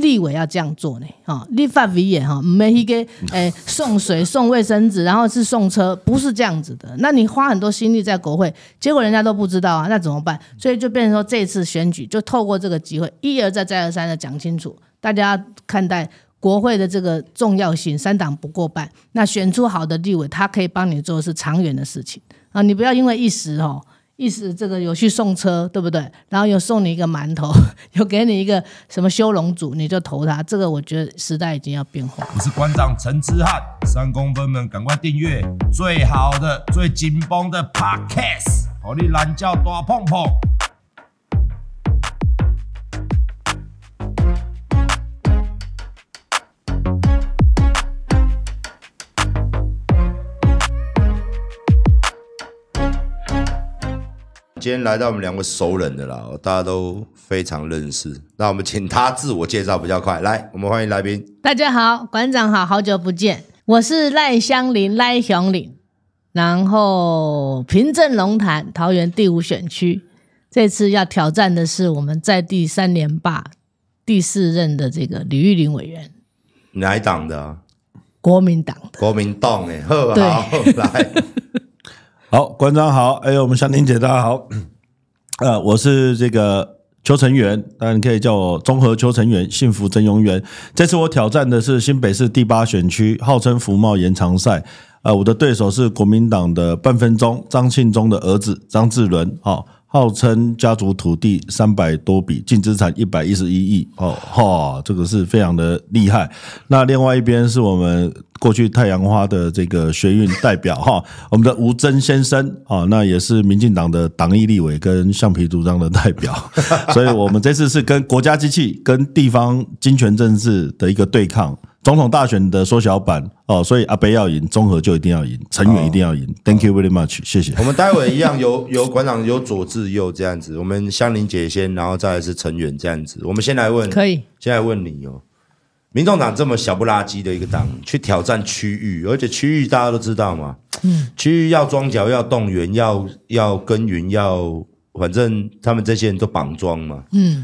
立委要這樣做呢，哦、立法委員哈沒一個誒送水送衛生紙，然後是送車，不是這樣子的。那你花很多心力在國會，結果人家都不知道啊，那怎麼辦？所以就變成說這次選舉就透過這個機會一而再再而三地講清楚，大家看待國會的這個重要性。三黨不過半，那選出好的立委，他可以幫你做的是長遠的事情啊，你不要因為一時、哦意思這個有去送車，對不對？然後有送你一個饅頭，有給你一個什麼修容組，你就投他。這個我覺得時代已經要變化。我是館長陳之漢，三公分們趕快訂閱最好的、最緊繃的 Podcast，好懶叫大碰碰。今天來到我們兩位熟人的了，大家都非常認識。那我們請他自我介紹比較快，來，我們歡迎來賓。大家好，館長好，好久不見，我是賴香林，賴雄林，然後平鎮龍潭桃園第五選區，這次要挑戰的是我們在地三連霸第四任的這個李玉玲委員，哪一黨的、啊？國民黨的。國民黨哎，好對好來。 好，館長好，哎呦，我們香婷姐大家好，呃，我是這個邱成元，當然你可以叫我綜合邱成元，幸福真永遠。這次我挑戰的是新北市第八選區，號稱福茂延長賽，呃，我的對手是國民黨的半分鐘張慶忠的兒子張智倫，好。號稱家族土地三百多筆，淨資產一百一十一億，哦哈、哦，這個是非常的厲害。那另外一邊是我們過去太陽花的這個學運代表哈、哦，我們的吳崢先生啊、哦，那也是民進黨的黨籍立委跟橡皮圖章的代表，所以我們這次是跟國家機器、跟地方金權政治的一個對抗。總統大選的縮小版哦，所以阿北要贏，中和就一定要贏，成員一定要贏。Oh, Thank you very much，謝謝。我們待會一樣，由由館長由左至右這樣子，我們香玲姐先，然後再來是成員這樣子。我們先來問，可以，先來問你哦。民眾黨這麼小不拉幾的一個黨，嗯、去挑戰區域，而且區域大家都知道嘛，嗯，區域要樁腳，要動員，要要耕耘，要反正他們這些人都綁樁嘛，嗯。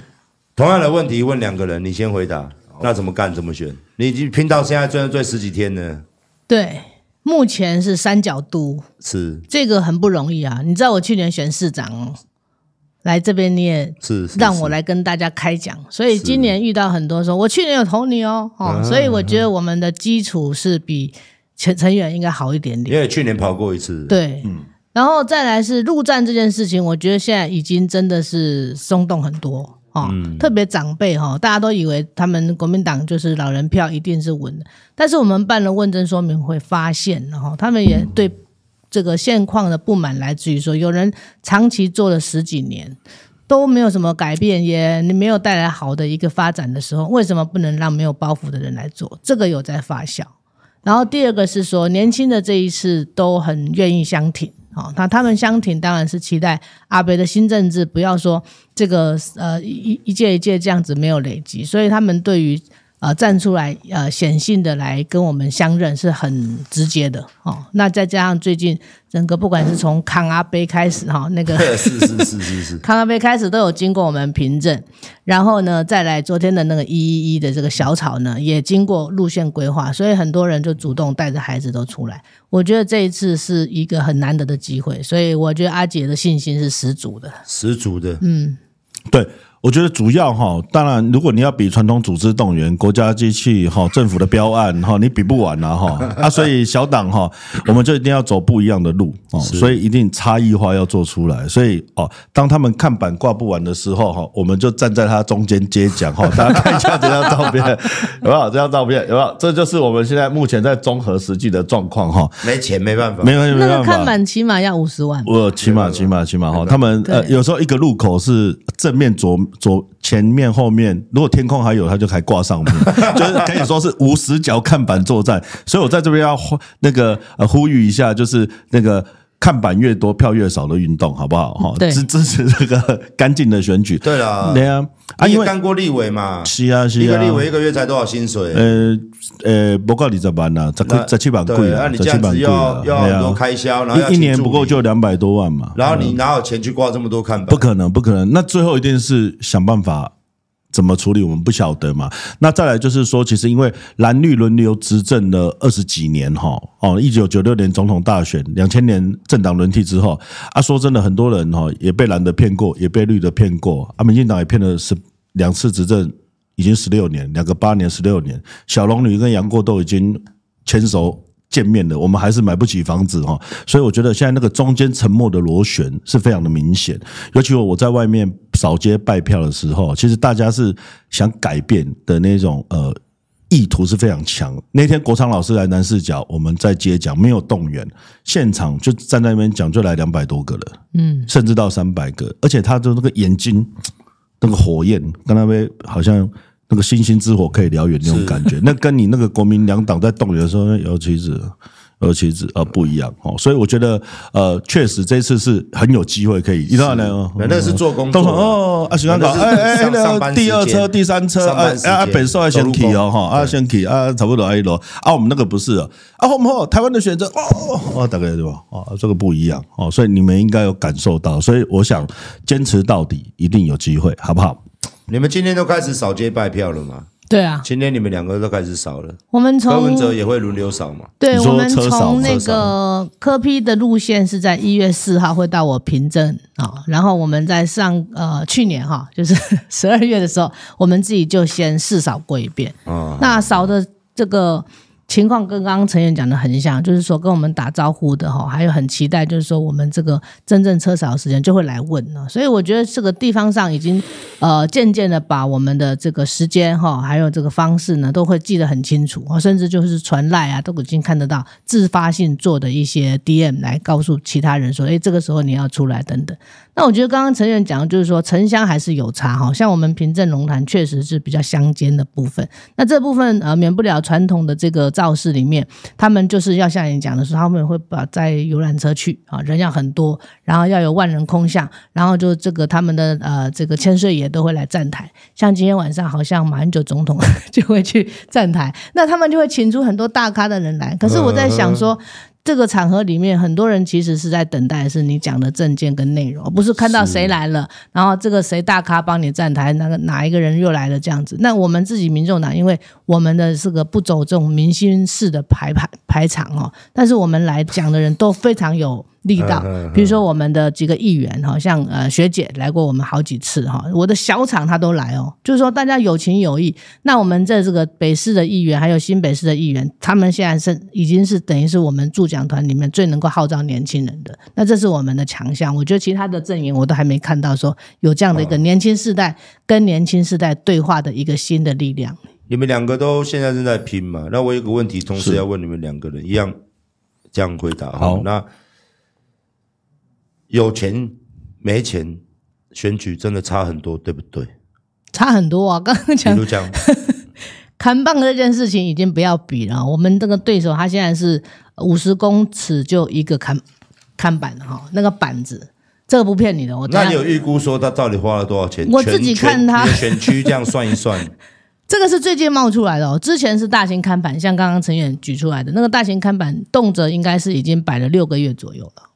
同樣的問題問兩個人，你先回答，好那怎麼幹，怎麼選？你已經拼到現在最多最十幾天了，對，目前是三角都，是這個很不容易啊！你知道我去年選市長來這邊，你也是讓我來跟大家開講，是是是，所以今年遇到很多說，我去年有投你、喔、是哦，哦、啊，所以我覺得我們的基礎是比前陳遠應該好一點點，因為去年跑過一次，對，嗯、然後再來是陸戰這件事情，我覺得現在已經真的是鬆動很多。哦，特別長輩哈，大家都以為他們國民黨就是老人票一定是穩的，但是我們辦了問政說明會發現，然後他們也對這個現況的不滿來自於說，有人長期做了十幾年都沒有什麼改變，也沒有帶來好的一個發展的時候，為什麼不能讓沒有包袱的人來做？這個有在發酵。然後第二個是說，年輕的這一次都很願意相挺。好，那、哦、他，他們相挺當然是期待阿北的新政治，不要說這個呃一一屆一屆這樣子沒有累積，所以他們對於。啊、呃，站出來，呃，顯性的來跟我們相認是很直接的哦。那再加上最近整個不管是從柯阿北開始哈、哦，那個 是是是是柯阿北開始都有經過我們憑證，然後呢，再來昨天的那個一一一的這個小草呢，也經過路線規劃，所以很多人就主動帶着孩子都出來。我覺得這一次是一個很難得的機會，所以我覺得阿杰的信心是十足的，十足的，嗯，對。我覺得主要哈，當然如果你要比傳統組織動員、國家機器哈、政府的標案哈，你比不完啦哈啊，啊所以小黨哈，我們就一定要走不一樣的路哦，是所以一定差異化要做出來。所以哦，當他們看板掛不完的時候哈，我們就站在他中間接講哈。大家看一下這張照片， 有沒有這張照片？有沒有？這就是我們現在目前在綜合實際的狀況哈。沒錢沒辦法，沒有那個看板起，起碼要五十萬。我起碼，起碼，起碼哈，他們對呃，有時候一個路口是正面左面。左前面、後面，如果天空還有，他就還掛上面， 就是可以說是無死角看板作戰。所以我在這邊要呼，那個呼籲一下，就是那個。看板越多，票越少的運動，好不好？哈對，支支持這個乾淨的選舉。對了，對啊，啊，因為幹過立委嘛，是啊，是啊，一個立委一個月才多少薪水？呃，呃，不告你怎麼辦呢？這這去蠻貴了，那、啊、你這樣子要了要很多開銷，一、啊、一年不夠就兩百多萬嘛。然後你哪有錢去掛這麼多看板？不可能，不可能。那最後一定是想辦法。怎麼處理？我們不曉得嘛。那再來就是說，其實因為藍綠輪流執政了二十幾年哈。哦，一九九六年總統大選，兩千年政黨輪替之後，啊，說真的，很多人哈也被藍的騙過，也被綠的騙過。啊，民進黨也騙了十兩次執政，已經十六年，兩個八年，十六年。小龍女跟楊過都已經牽手。見面的，我們還是買不起房子哈，所以我覺得現在那個中間沉默的螺旋是非常的明顯。尤其我我在外面掃街拜票的時候，其實大家是想改變的那種呃意圖是非常強。那天國昌老師來南勢角，我們在街講沒有動員，現場就站在那邊講就來兩百多個了，嗯，甚至到三百個，而且他的那個眼睛那個火焰跟那邊好像。那個星星之火可以燎原那種感覺，是 那跟你那個國民兩黨在動員的時候，尤其是尤其是啊不一樣哦，所以我覺得呃，確實這一次是很有機會可以。你知道沒人那是做工作哦。啊，喜歡搞哎哎第二車、第三車啊啊，北上還是先啟哦哈啊先啟啊，差不多埃樓啊，我們那個不是啊，我們台灣的選擇哦哦，大概對吧？哦，這個不一樣哦，所以你們應該有感受到，所以我想堅持到底，一定有機會，好不好？你們今天都開始掃街拜票了嗎？對啊，今天你們兩個都開始掃了。我們從柯文哲也會輪流掃嘛。對，我們從那個柯 P 的路線是在一月四號會到我平鎮啊、哦，然後我們在上呃去年哈、哦，就是十二月的時候，我們自己就先試掃過一遍。哦、那掃的這個。情況跟剛剛陳遠講的很像，就是說跟我們打招呼的哈，還有很期待，就是說我們這個真正車少的時間就會來問呢。所以我覺得這個地方上已經，呃，漸漸的把我們的這個時間哈，還有這個方式呢，都會記得很清楚。甚至就是傳賴啊，都已經看得到自發性做的一些 DM 來告訴其他人說，誒，這個時候你要出來等等。那我覺得剛剛陳院講的就是說，城鄉還是有差哈，像我們平鎮龍潭確實是比較鄉間的部分。那這部分呃免不了傳統的這個造勢裡面，他們就是要像你講的說，他們會把在遊覽車去啊，人要很多，然後要有萬人空巷，然後就這個他們的呃這個千歲爺都會來站台，像今天晚上好像馬英九總統 就會去站台，那他們就會請出很多大咖的人來。可是我在想說。呵呵這個場合裡面，很多人其實是在等待的是你講的政見跟內容，不是看到誰來了，是然後這個誰大咖幫你站台，那個哪一個人又來了這樣子。那我們自己民眾黨，因為我們的這個不走這種明星式的排排排場哦，但是我們來講的人都非常有。力道，比如說我們的幾個議員好像呃學姐來過我們好幾次哈，我的小廠他都來哦，就是說大家有情有義。那我們在這，這個北市的議員，還有新北市的議員，他們現在是已經是等於是我們助講團裡面最能夠號召年輕人的。那這是我們的強項，我覺得其他的陣營我都還沒看到說有這樣的一個年輕世代跟年輕世代對話的一個新的力量。你們兩個都現在正在拼嘛？那我有一個問題，同時要問你們兩個人，一樣是這樣回答好那。有錢沒錢，選舉真的差很多，對不對？差很多啊！剛剛講比如講看板這件事情已經不要比了，我們這個對手他現在是五十公尺就一個看看板，哈、哦，那個板子這個不騙你的，我那你有預估說他到底花了多少錢？我自己看他選區這樣算一算， 這個是最近冒出來的哦，之前是大型看板，像剛剛陳遠舉出來的那個大型看板，動輒應該是已經擺了六個月左右了。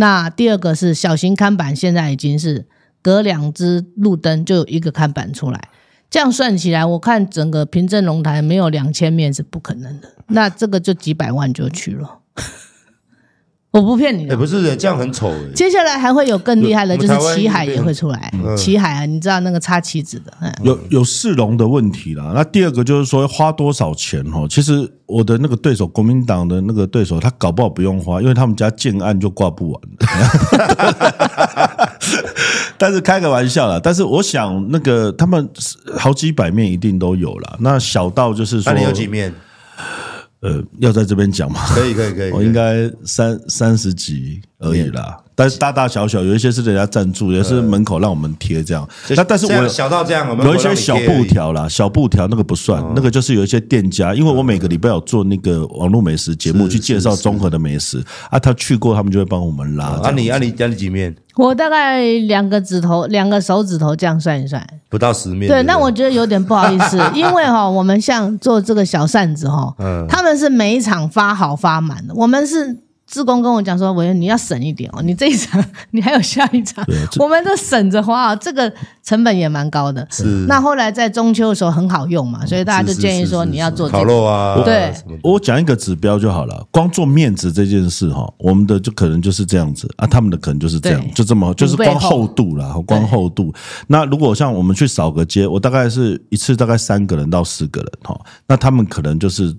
那第二個是小型看板，現在已經是隔兩支路燈就有一個看板出來，這樣算起來，我看整個平鎮龍潭沒有兩千面是不可能的，那這個就幾百萬就去了，嗯。 我不騙你的，欸、不是這樣很醜、欸。接下來還會有更厲害的，就是旗海也會出來。旗海啊，嗯、你知道那個插旗子的、嗯有。有有市容的問題啦。那第二個就是說花多少錢哦？其實我的那個對手，國民黨的那個對手，他搞不好不用花，因為他們家建案就掛不完。 但是開個玩笑啦。但是我想那個他們好幾百面一定都有了。那小道就是說，你有幾面？呃，要在這邊講嗎？可以，可以，可以。我、哦、以應該三三十集而已啦。嗯但是大大小小有一些是人家贊助，也是門口讓我們貼這樣。那但是我小到這樣，有一些小布條啦，小布條那個不算，那個就是有一些店家，因為我每個禮拜有做那個網絡美食節目，去介紹綜合的美食啊，他去過，他們就會幫我們拉。啊，你啊你家裡幾面？我大概兩個指頭，兩個手指頭這樣算一算，不到十面。對，那我覺得有點不好意思，因為齁，我們像做這個小扇子齁，嗯，他們是每一場發好發滿的，我們是。志工跟我講說：“我，你要省一點哦，你這一場你還有下一場，啊、我們都省着花這個成本也蠻高的。是那後來在中秋的時候很好用嘛，所以大家就建議說你要做，這個、是是是是是烤肉啊。對，啊、對我講一個指標就好了，光做面子這件事哈，我們的就可能就是這樣子啊，他們的可能就是這樣，對就這麼就是光厚度了，光厚度。對那如果像我們去掃個街，我大概是一次大概三個人到四個人哈，那他們可能就是。”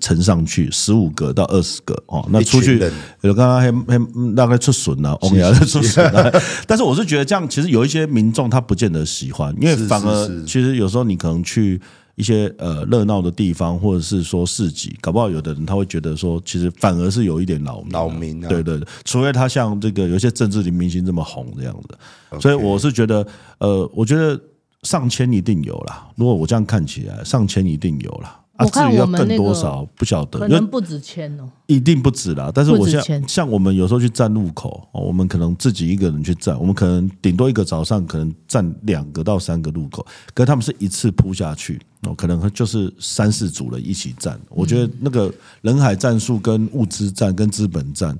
乘上去十五個到二十個哦，那出去有剛剛還還大概出巡了，王爺在出巡了。但是我是覺得這樣，其實有一些民眾他不見得喜歡，因為反而其實有時候你可能去一些呃熱鬧的地方，或者是說市集，搞不好有的人他會覺得說，其實反而是有一點擾擾民。對，對對對，除非他像這個有些政治的明星這麼紅這樣子。所以我是覺得，呃，我覺得上千一定有啦。如果我這樣看起來，上千一定有啦。我看至於要更多少我們那個不曉得可能不止千哦，一定不止啦，但是我像止像我們有時候去站路口，我們可能自己一個人去站，我們可能頂多一個早上可能站兩個到三個路口，可是他們是一次撲下去，可能就是三四組人一起站。我覺得那個人海戰術跟物資戰跟資本戰，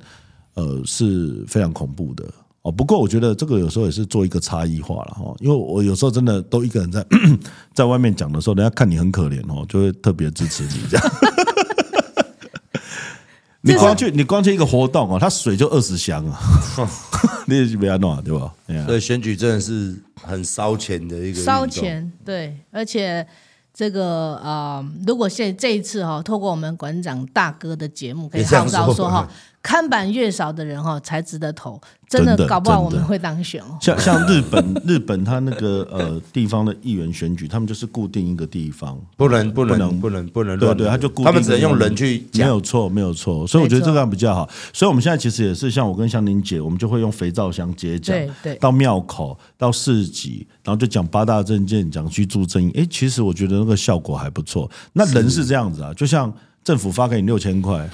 呃，是非常恐怖的。哦，不過我覺得這個有時候也是做一個差異化了哦，因為我有時候真的都一個人在在外面講的時候，人家看你很可憐哦，就會特別支持你這樣。你光去你光去一個活動啊，他水就二十箱啊，你也不要弄對吧？啊、所以選舉真的是很燒錢的一個燒錢對，而且這個呃，如果現在這一次哈，透過我們館長大哥的節目可以號召說哈。看板越少的人哈，才值得投。真的搞不好我們會當選哦。像像日本日本他那個呃地方的議員選舉，他們就是固定一個地方，不能不能不能不能對對，他就固定。他們只能用人去講，沒有錯沒有錯。所以我覺得這個比較好。所以我們現在其實也是像我跟香玲姐，我們就會用肥皂箱接講，對對，到廟口到市集，然後就講八大政見，講居住正義誒，其實我覺得那個效果還不錯。那人是這樣子啊，就像政府發給你六千塊，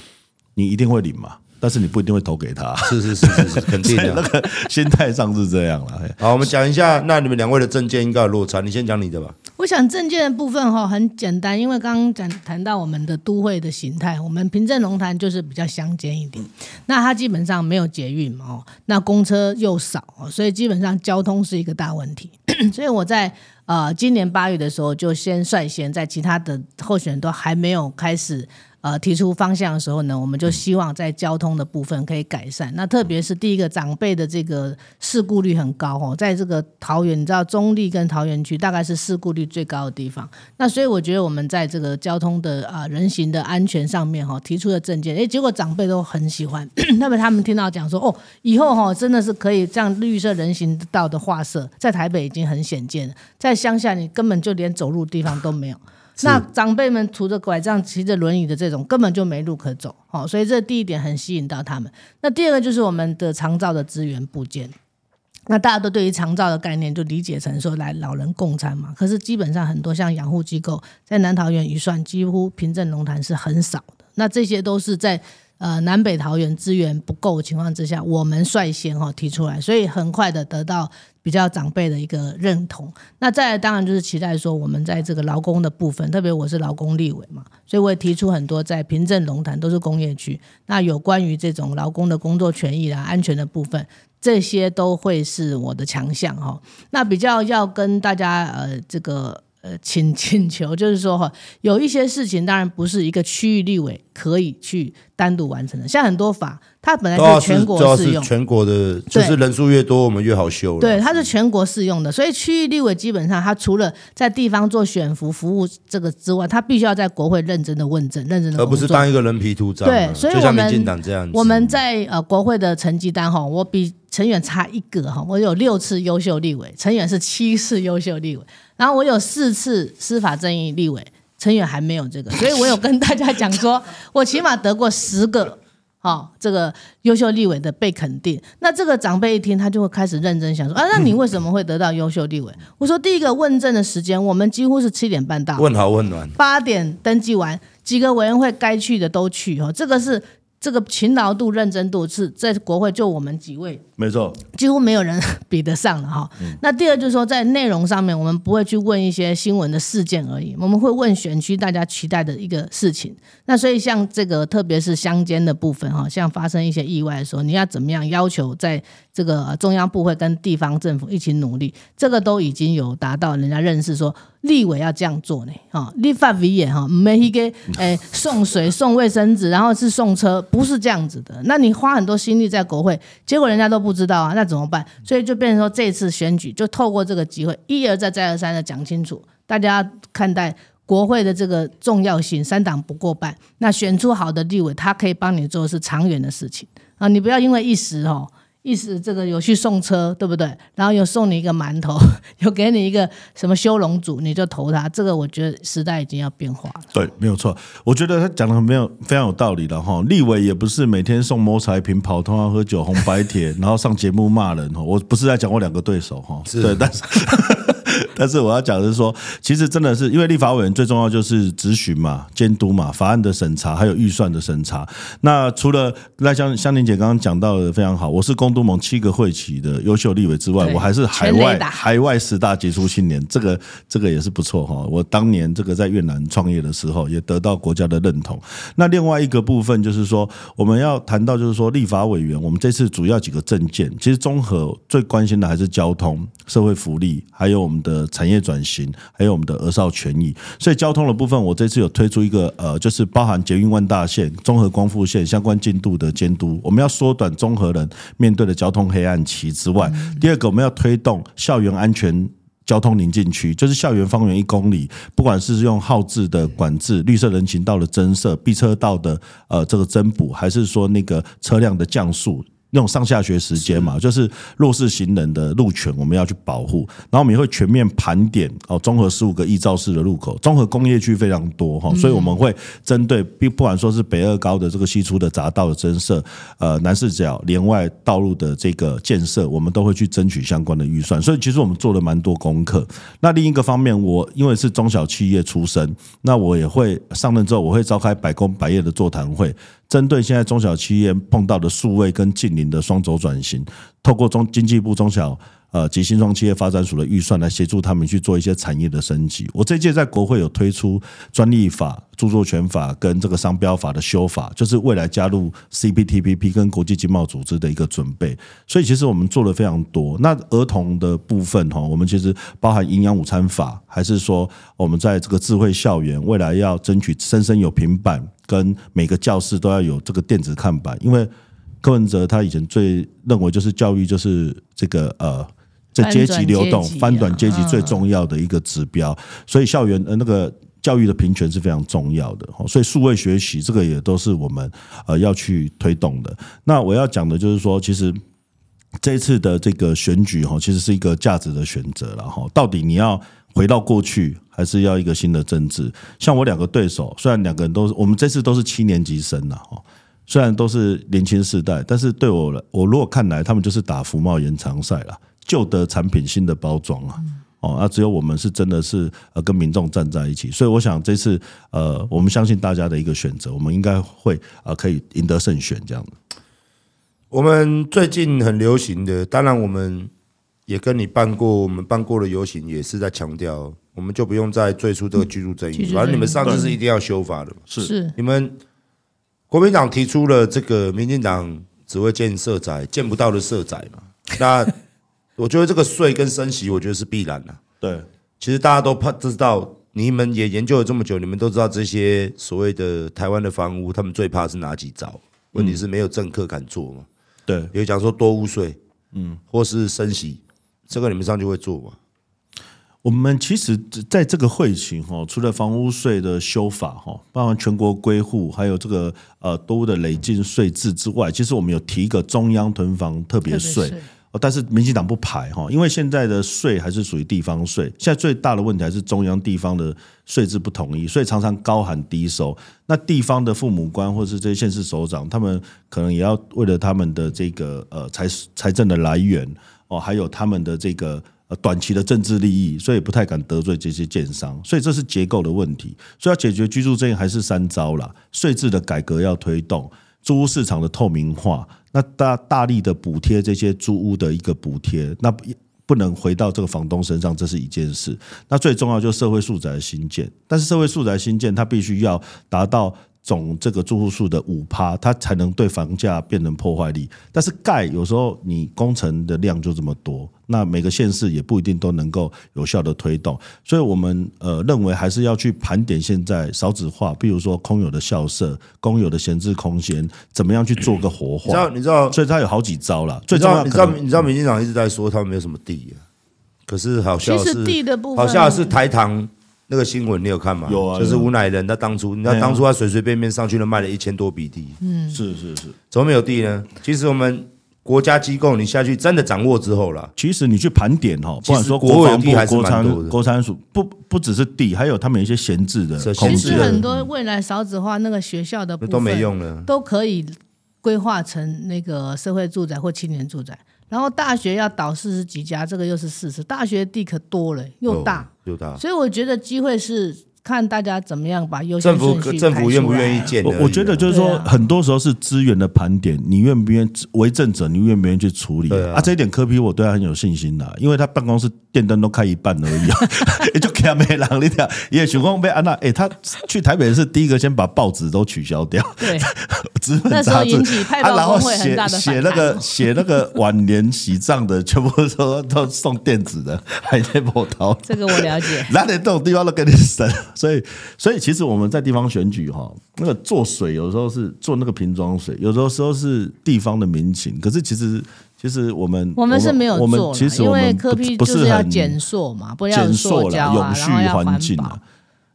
你一定會領嘛？但是你不一定會投給他。啊，是 是是是是，肯定的。那個心態上是這樣了。好，我們講一下，那你們兩位的政見應該有落差，你先講你的吧。我想政見的部分哈、哦、很簡單，因為剛剛講談到我們的都會的形態，我們平鎮龍潭就是比較鄉間一點，嗯、那它基本上沒有捷運哦，那公車又少，所以基本上交通是一個大問題。所以我在呃今年八月的時候就先率先在其他的候選人都還沒有開始。呃，提出方向的時候呢，我們就希望在交通的部分可以改善。那特別是第一個，長輩的這個事故率很高哦，在這個桃園，你知道中壢跟桃園區大概是事故率最高的地方。那所以我覺得我們在這個交通的啊、呃，人行的安全上面哈、哦，提出的政見誒，結果長輩都很喜歡。那麼他們聽到講說，哦，以後哈、哦，真的是可以這樣綠色人行的道的劃設，在台北已經很罕見了，在鄉下你根本就連走路地方都沒有。是那長輩們拄着拐杖，騎着輪椅的這種根本就沒路可走，哦，所以這第一點很吸引到他們。那第二個就是我們的長照的資源布建。那大家都對於長照的概念就理解成說來老人共餐嘛，可是基本上很多像養護機構在南桃園預算幾乎平鎮龍潭是很少的。那這些都是在呃南北桃園資源不夠的情況之下，我們率先哈、哦、提出來，所以很快的得到。比較長輩的一個認同，那再來當然就是期待說我們在這個勞工的部分，特別我是勞工立委嘛，所以我也提出很多在平鎮、龍潭都是工業區，那有關於這種勞工的工作權益啊、安全的部分，這些都會是我的強項哈。那比較要跟大家呃這個呃請請求就是說哈，有一些事情當然不是一個區域立委可以去單獨完成的，像很多法。它本來就是全國適用，全國的，就是人數越多，我們越好修。對，對，它是全國適用的，所以區域立委基本上，他除了在地方做選服服務這個之外，他必須要在國會認真的問政認真的，而不是當一個人皮圖章。對，所以像民進黨這樣我們在呃國會的成績單哈，我比陳遠差一個哈，我有六次優秀立委，陳遠是七次優秀立委，然後我有四次司法正義立委，陳遠還沒有這個，所以我有跟大家講說，我起碼得過十個。好、哦，這個優秀立委的被肯定，那這個長輩一聽，他就會開始認真想說啊，那你為什麼會得到優秀立委？嗯、我說第一個問政的時間，我們幾乎是七點半到，問好問暖，八點登記完，幾個委員會該去的都去，哦，這個是。這個勤勞度、認真度是在國會就我們幾位，沒錯，幾乎沒有人比得上了哈。嗯、那第二就是說，在內容上面，我們不會去問一些新聞的事件而已，我們會問選區大家期待的一個事情。那所以像這個，特別是鄉間的部分哈，像發生一些意外的時候，你要怎麼樣要求在。這個中央部會跟地方政府一起努力，這個都已經有達到人家認識說，立委要這樣做呢。哦、立法委員哈，沒去送水、送衛生紙，然後是送車，不是這樣子的。那你花很多心力在國會，結果人家都不知道啊，那怎麼辦？所以就變成說，這次選舉就透過這個機會，一而再、再而三的講清楚，大家看待國會的這個重要性。三黨不過半，那選出好的立委，他可以幫你做是長遠的事情啊。你不要因為一時哦。意思這個有去送車，對不對？然後有送你一個饅頭，有給你一個什麼修容組，你就投他。這個我覺得時代已經要變化了。了對，沒有錯。我覺得他講的很沒有非常有道理的哈。立委也不是每天送摸彩品、跑通宵、喝酒、紅白帖，然後上節目罵人哈。我不是在講我兩個對手哈，是對，但是。 但是我要講的是說，其實真的是因為立法委員最重要就是質詢嘛、監督嘛、法案的審查，還有預算的審查。那除了那像香玲姐剛剛講到的非常好，我是公督盟七個會期的優秀立委之外，對我還是海外海外十大傑出青年，這個這個也是不錯哈。我當年這個在越南創業的時候，也得到國家的認同。那另外一個部分就是說，我們要談到就是說立法委員，我們這次主要幾個政見，其實綜合最關心的還是交通、社會福利，還有我們的。產業轉型，還有我們的兒少權益，所以交通的部分，我這次有推出一個呃，就是包含捷運萬大線、中和光復線相關進度的監督。我們要縮短中和人面對的交通黑暗期之外，mm hmm. 第二個我們要推動校園安全交通寧靜區，就是校園方圓一公里，不管是用號誌的管制、mm hmm. 綠色人行道的增設、避車道的呃這個增補，還是說那個車輛的降速。那種上下學時間嘛，就是弱勢行人的路權，我們要去保護。然後我們也會全面盤點哦，綜合十五個易肇事的路口，綜合工業區非常多哈，所以我們會針對並不管說是北二高的這個西出的匝道的增設，呃，南四角連外道路的這個建設，我們都會去爭取相關的預算。所以其實我們做了蠻多功課。那另一個方面，我因為是中小企業出身，那我也會上任之後，我會召開百工百業的座談會。針對現在中小企業碰到的數位跟淨零的雙軸轉型，透過中經濟部中小。呃，及新創企業發展署的預算來協助他們去做一些產業的升級。我這屆在國會有推出專利法、著作權法跟這個商標法的修法，就是未來加入 CPTPP 跟國際經貿組織的一個準備。所以其實我們做了非常多。那兒童的部分哈，我們其實包含營養午餐法，還是說我們在這個智慧校園，未來要爭取生生有平板，跟每個教室都要有這個電子看板。因為柯文哲他以前最認為就是教育就是這個呃。在階級流動、轉啊、翻轉階級最重要的一個指標，所以校園呃那個教育的平權是非常重要的。所以數位學習這個也都是我們呃要去推動的。那我要講的就是說，其實這一次的這個選舉哈，其實是一個價值的選擇了哈。到底你要回到過去，還是要一個新的政治？像我兩個對手，雖然兩個人都是我們這次都是七年級生了哈，雖然都是年輕世代，但是對我我如果看來，他們就是打服貿延長賽了。舊的產品，新的包裝啊！哦，那只有我們是真的是呃跟民眾站在一起，所以我想這次呃，我們相信大家的一個選擇，我們應該會呃可以贏得勝選這樣的。嗯、我們最近很流行的，當然我們也跟你辦過，我們辦過的遊行，也是在強調，我們就不用再最初這個居住正義，嗯、正反正你們上次是一定要修法的嘛，對是是你們國民黨提出了這個，民進黨只會建社宅，見不到的社宅嘛，那。 我覺得這個稅跟升息，我覺得是必然的啊。對，其實大家都怕知道，你們也研究了這麼久，你們都知道這些所謂的台灣的房屋，他們最怕是哪幾招？問題是沒有政客敢做嘛。對，嗯，有講說多屋稅，嗯，或是升息，這個你們上去就會做嗎？我們其實在這個會期哈，除了房屋稅的修法哈，包括全國歸戶，還有這個呃多的累進稅制之外，其實我們有提一個中央囤房特別稅。但是民進黨不排，因為現在的稅還是屬於地方稅，現在最大的問題還是中央地方的稅制不統一，所以常常高喊低收。那地方的父母官或是這些縣市首長，他們可能也要為了他們的這個呃財財政的來源哦，還有他們的這個短期的政治利益，所以不太敢得罪這些建商。所以這是結構的問題。所以要解決居住正義，還是三招啦：稅制的改革要推動，租屋市場的透明化。那大大力的補貼這些租屋的一個補貼，那不能回到這個房東身上，這是一件事。那最重要就是社會住宅新建，但是社會住宅新建，它必須要達到。總這個住戶數的五趴，它才能對房價變成破壞力。但是蓋有時候你工程的量就這麼多，那每個縣市也不一定都能夠有效的推動。所以，我們呃認為還是要去盤點現在少子化，比如說空有的校舍、公有的閒置空間，怎麼樣去做個活化？你知道？所以它有好幾招啦。最重要，你知道？你知道？民進黨一直在說他沒有什麼地啊，可是好像是其實地的部分，好像是台糖。那個新聞你有看嗎？有啊，就是吳乃仁，他當初，啊、你知道當初他隨隨便便上去了賣了一千多筆地，嗯，是是是，怎麼沒有地呢？其實我們國家機構你下去真的掌握之後啦。其實你去盤點哈，不管說國防部還是國產署國產署不不只是地，還有他們一些閒置的。啊、的其實很多未來少子化那個學校的部分都沒用了，都可以規劃成那個社會住宅或青年住宅。然後大學要倒四十幾家，這個又是事實，大學地可多了、欸，又大。哦所以我覺得機會是。看大家怎麼樣把優先政府政府願不願意建？我覺得就是說，很多時候是資源的盤點，你願不願意為政者，你願不願意去處理？啊，啊，這一點柯 P 我對他很有信心的、啊，因為他辦公室電燈都開一半而已，也就給他沒人力的。也許光被安娜，哎，他去台北是第一個先把報紙都取消掉，對，之後引起派報工會很大的反彈。寫那個寫那，那個晚年喜喪的，全部說都送電子的，還被我偷。這個我了解，哪裡動地方都給你省。所以，所以其實我們在地方選舉哈、哦，那個做水有時候是做那個瓶裝水，有時候時候是地方的民情。可是其實，其實我們我們是沒有做，因為柯 P 就是要減縮嘛，不要是塑膠啊，永續環境啊，然後要環保。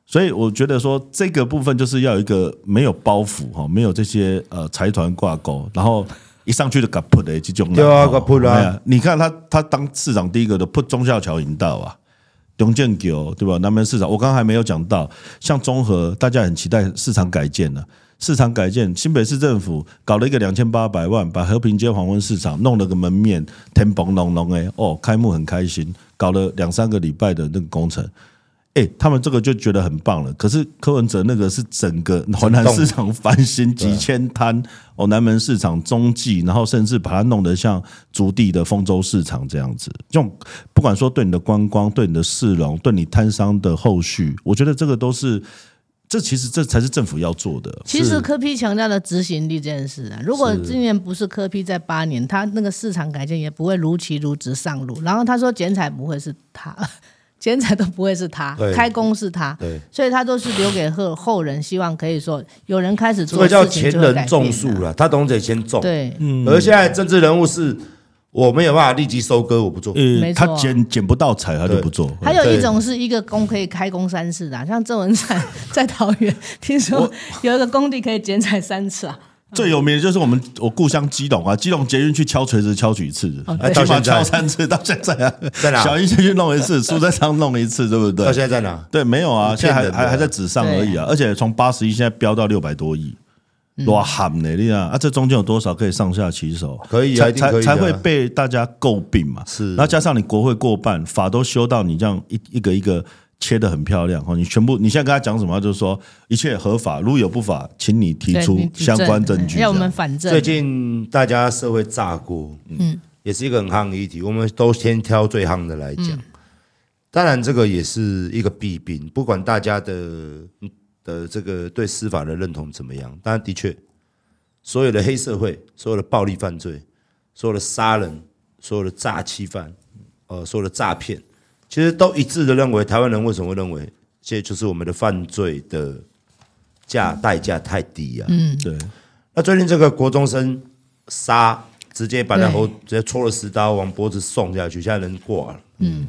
所以我覺得說這個部分就是要有一個沒有包袱哈、哦，沒有這些呃財團掛鈎，然後一上去就嘎撲的這種的。對啊，搞撲啊！啊啊你看他，他當市長第一個都撲忠孝橋引道啊。中建九對吧？南門市場。我剛剛還沒有講到像，像中和大家很期待市場改建了，啊。市場改建，新北市政府搞了一個兩千八百萬，把和平街黃昏市場弄了個門面，天崩隆隆哎，哦，開幕很開心，搞了兩三個禮拜的那個工程。哎、欸，他們這個就覺得很棒了。可是柯文哲那個是整個環南市場翻新幾千攤哦，南門市場、中繼，然後甚至把它弄得像築地的豐洲市場這樣子。這種不管說對你的觀光、對你的市容、對你攤商的後續，我覺得這個都是，這其實這才是政府要做的。其實柯 P 強調的執行力這件事啊，如果今年不是柯 P 在八年，是他那個市場改建也不會如期如質上路。然後他說剪彩不會是他。剪彩都不會是他對開工是他。對所以他都是留給後後人，希望可以說有人開始做的。所以叫前人種樹了，他總得先種。對，嗯。而現在政治人物是我沒有辦法立即收割，我不做，嗯。他剪剪不到彩，他就不做。對對還有一種是一個工可以開工三次的啊，像鄭文燦在桃園聽說有一個工地可以剪彩三次啊。最有名的就是我們，我故鄉基隆啊，基隆捷運去敲錘子敲幾次，哦、起碼敲三次，到現在啊，在哪？小英先去弄一次，蘇貞昌弄了一次，對不對？到現在在哪？對，沒有啊，現在還還還在紙上而已啊，對而且從八十億現在飆到六百多億，哇、嗯，喊呢！厲害啊！這中間有多少可以上下其手？可以、啊、才才才會被大家詬病嘛？是，然後加上你國會過半，法都修到你這樣一一個一個。切得很漂亮。你全部你現在跟他講什麼？就是說一切合法，如果有不法，請你提出相關證據。嗯、樣最近大家社會炸鍋，嗯，嗯也是一個很夯的議題。我們都先挑最夯的來講。嗯、當然，這個也是一個弊病。不管大家的的這個對司法的認同怎麼樣，但的確，所有的黑社會、所有的暴力犯罪、所有的殺人、所有的詐欺犯，呃，所有的詐騙。其實都一致的認為，台灣人為什麼會認為這就是我們的犯罪的價、嗯、代價太低啊？嗯，對。那最近這個國中生殺，直接把他喉對直接戳了十刀，往脖子送下去，現在人掛了。嗯，嗯，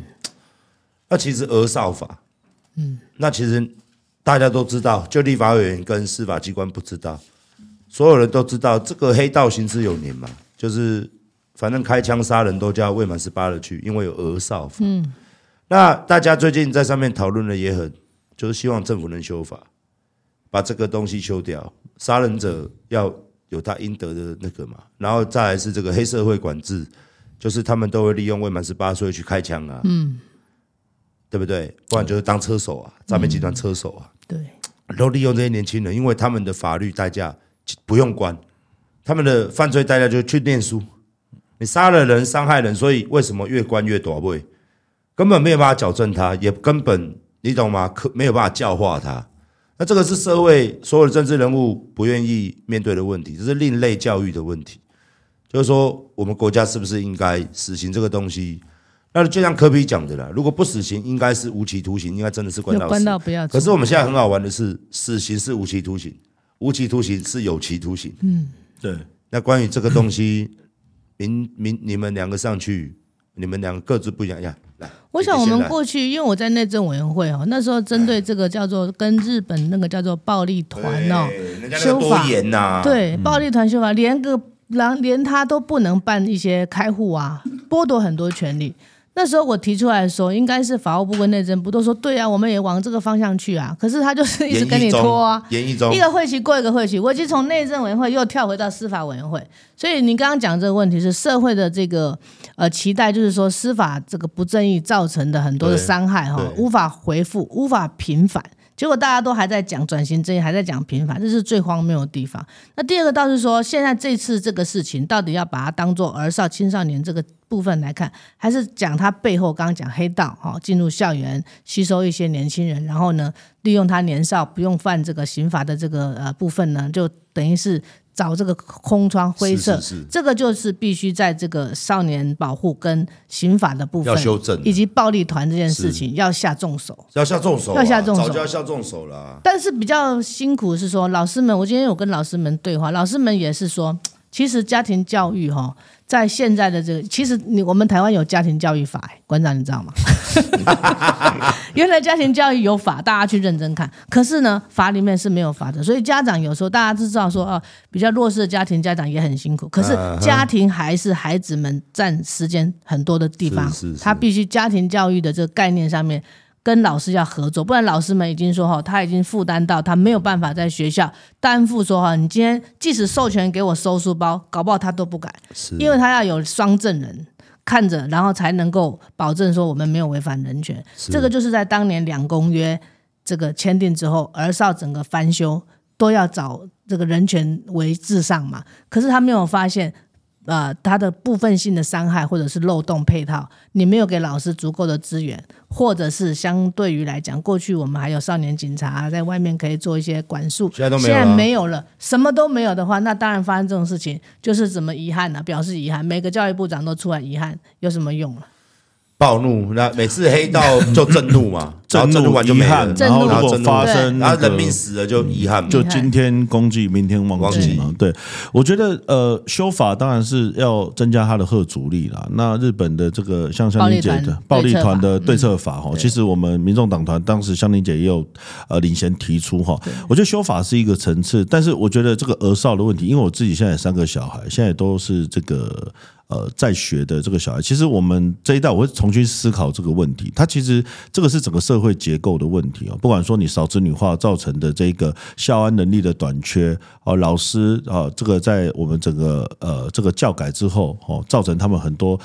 那其實兒少法，嗯，那其實大家都知道，就立法委員跟司法機關不知道，所有人都知道這個黑道行之有年嘛，就是反正開槍殺人都叫未滿十八的去，因為有兒少法。嗯。那大家最近在上面討論的也很，就是希望政府能修法，把這個東西修掉。殺人者要有他應得的那個嘛，然後再來是這個黑社會管制，就是他們都會利用未滿十八歲去開槍啊，嗯，對不對？不然就是當車手啊，詐騙集團車手啊，嗯、對，都利用這些年輕人，因為他們的法律代價不用管，他們的犯罪代價就是去念書。你殺了人，傷害人，所以為什麼越關越大尾？根本沒有辦法矯正他，也根本你懂嗎？可沒有辦法教化他。那這個是社會所有的政治人物不願意面對的問題，這是另類教育的問題。就是說，我們國家是不是應該死刑這個東西？那就像柯 P 講的啦，如果不死刑，應該是無期徒刑，應該真的是關到死。關到不要。可是我們現在很好玩的是，死刑是無期徒刑，無期徒刑是有期徒刑。嗯，對。那關於這個東西，嗯、明明你們兩個上去，你們兩個各自不一樣。我想，我們過去，因為我在內政委員會哦，那時候針對這個叫做跟日本那個叫做暴力團哦、哎啊、修法，對暴力團修法，連個狼連他都不能辦一些開戶啊，剝奪很多權利。那時候我提出來說，應該是法務部跟內政部都說對啊，我們也往這個方向去啊。可是他就是一直跟你拖啊，一個會期過一個會期。我就從內政委員會又跳回到司法委員會。所以你剛剛講這個問題是社會的這個呃期待，就是說司法這個不正義造成的很多的傷害哈，無法回復，無法平反。結果大家都還在講轉型正義，還在講平反，這是最荒謬的地方。那第二個倒是說，現在這次這個事情到底要把它當做兒少、青少年這個部分來看，還是講它背後剛剛講黑道哈進入校園吸收一些年輕人，然後呢，利用他年少不用犯這個刑罰的這個呃部分呢，就等於是。找這個空窗灰色，是是是這個就是必須在這個少年保護跟刑法的部分要修正，以及暴力團這件事情是要下重手，要下重手啊，要下重手，要下重手，早就要下重手了。但是比較辛苦是說，老師們，我今天有跟老師們對話，老師們也是說。其實家庭教育哈，在現在的這個，其實你我們台灣有家庭教育法，欸，館長你知道嗎？ 原來家庭教育有法，大家去認真看。可是呢，法裡面是沒有法的。所以家長有時候大家知道說啊，比較弱勢的家庭家長也很辛苦。可是家庭還是孩子們占時間很多的地方，他必須家庭教育的這個概念上面。跟老師要合作，不然老師們已經說他已經負擔到他沒有辦法在學校擔負說哈，你今天即使授權給我收書包，搞不好他都不敢，是的 因為他要有雙證人看着，然後才能夠保證說我們沒有違反人權。是的 這個就是在當年兩公約這個簽訂之後，兒少整個翻修都要找這個人權為至上嘛。可是他沒有發現。呃，他的部分性的傷害或者是漏洞配套，你沒有給老師足夠的資源，或者是相對於來講，過去我們還有少年警察、啊、在外面可以做一些管束，現在都沒有了，現在沒有了，什麼都沒有的話，那當然發生這種事情，就是怎麼遺憾呢、啊？表示遺憾，每個教育部長都出來遺憾，有什麼用了、啊？暴怒，那每次黑道就震怒嘛，震怒完就遺憾，然後如果發生，然後人命死了就遺憾。就今天公祭，明天忘記。對，我覺得呃，修法當然是要增加他的嚇阻力啦。那日本的這個像香伶姐的暴力團的對策法哈，其實我們民眾黨團當時香伶姐也有呃領銜提出哈。我覺得修法是一個層次，但是我覺得這個兒少的問題，因為我自己現在三個小孩，現在都是這個。呃，在學的這個小孩，其實我們這一代我會重新思考這個問題。他其實這個是整個社會結構的問題啊，不管說你少子女化造成的這個校安能力的短缺啊，老師啊，這個在我們整個呃這個教改之後哦，造成他們很多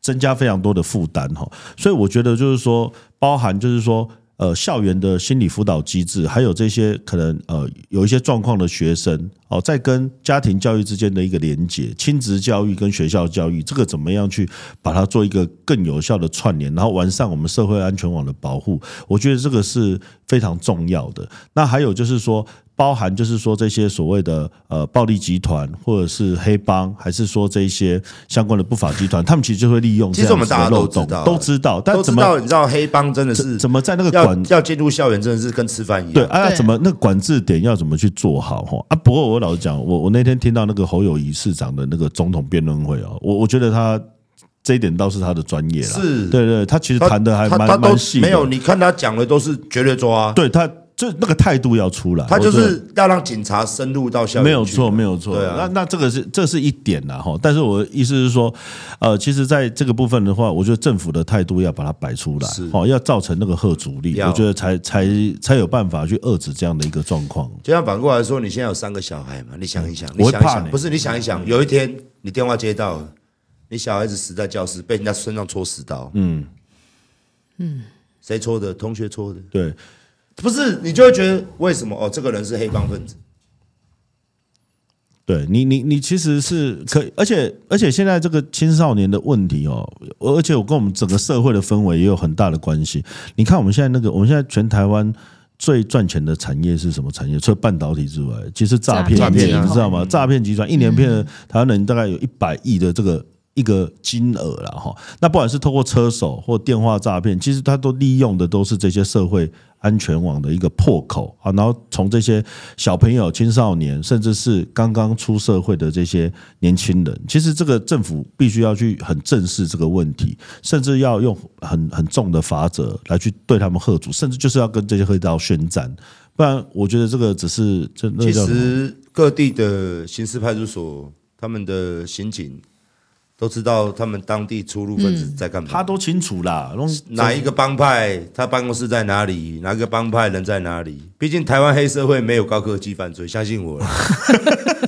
增加非常多的負擔哈。所以我覺得就是說，包含就是說。呃，校園的心理輔導機制，還有這些可能呃有一些狀況的學生哦，在跟家庭教育之間的一個連接，親子教育跟學校教育，這個怎麼樣去把它做一個更有效的串聯，然後完善我們社會安全網的保護，我覺得這個是非常重要的。那還有就是說。包含就是說這些所謂的呃暴力集團，或者是黑幫，還是說這些相關的不法集團，他們其實就會利用這。其實我們大家都知道，都知道，但，知道但怎麼你知道黑幫真的是怎麼在那個管要進入校園，真的是跟吃飯一樣。對，哎、啊、呀，啊、怎麼那管制點要怎麼去做好？哈啊！不過我老實講，我我那天聽到那個侯友宜市長的那個總統辯論會啊，我我覺得他這一點倒是他的專業啦。是，對，對，對，對他其實談的還蠻蠻細。沒有，你看他講的都是絕對抓、啊。對他。就那個態度要出來，他就是要讓警察深入到校園沒有錯，沒有錯、啊啊。那那這個是這是一點啦，哈。但是我的意思是說，呃，其實在這個部分的話，我覺得政府的態度要把它擺出來，好，要造成那個嚇阻力，要 我覺得才才才有辦法去遏制這樣的一個狀況。就像反過來，來說，你現在有三個小孩嘛？你想一想，我怕不是？你想一想，有一天你電話接到了，你小孩子死在教室，被人家身上戳十刀，嗯嗯，誰戳的？同學戳的？對。不是，你就會覺得為什麼哦？這個人是黑幫分子。對你，你你其實是可以，而且而且現在這個青少年的問題哦，而且我跟我們整個社會的氛圍也有很大的關係。你看我們現在那個，我們現在全台灣最賺錢的產業是什麼產業？除了半導體之外，其實詐騙詐騙，你知道嗎？詐騙集團一年騙台灣人大概有一百億的這個。嗯一個金額了哈，那不管是通過車手或電話詐騙，其實他都利用的都是這些社會安全網的一個破口啊，然後從這些小朋友、青少年，甚至是剛剛出社會的這些年輕人，其實這個政府必須要去很正視這個問題，甚至要用很很重的罰則來去對他們嚇阻，甚至就是要跟這些黑道宣戰，不然我覺得這個只是這其實各地的刑事派出所他們的刑警。都知道他們當地出入分子在幹嘛？他都清楚啦，哪一個幫派，他辦公室在哪裡？哪個幫派人在哪裡？畢竟台灣黑社會沒有高科技犯罪，相信我，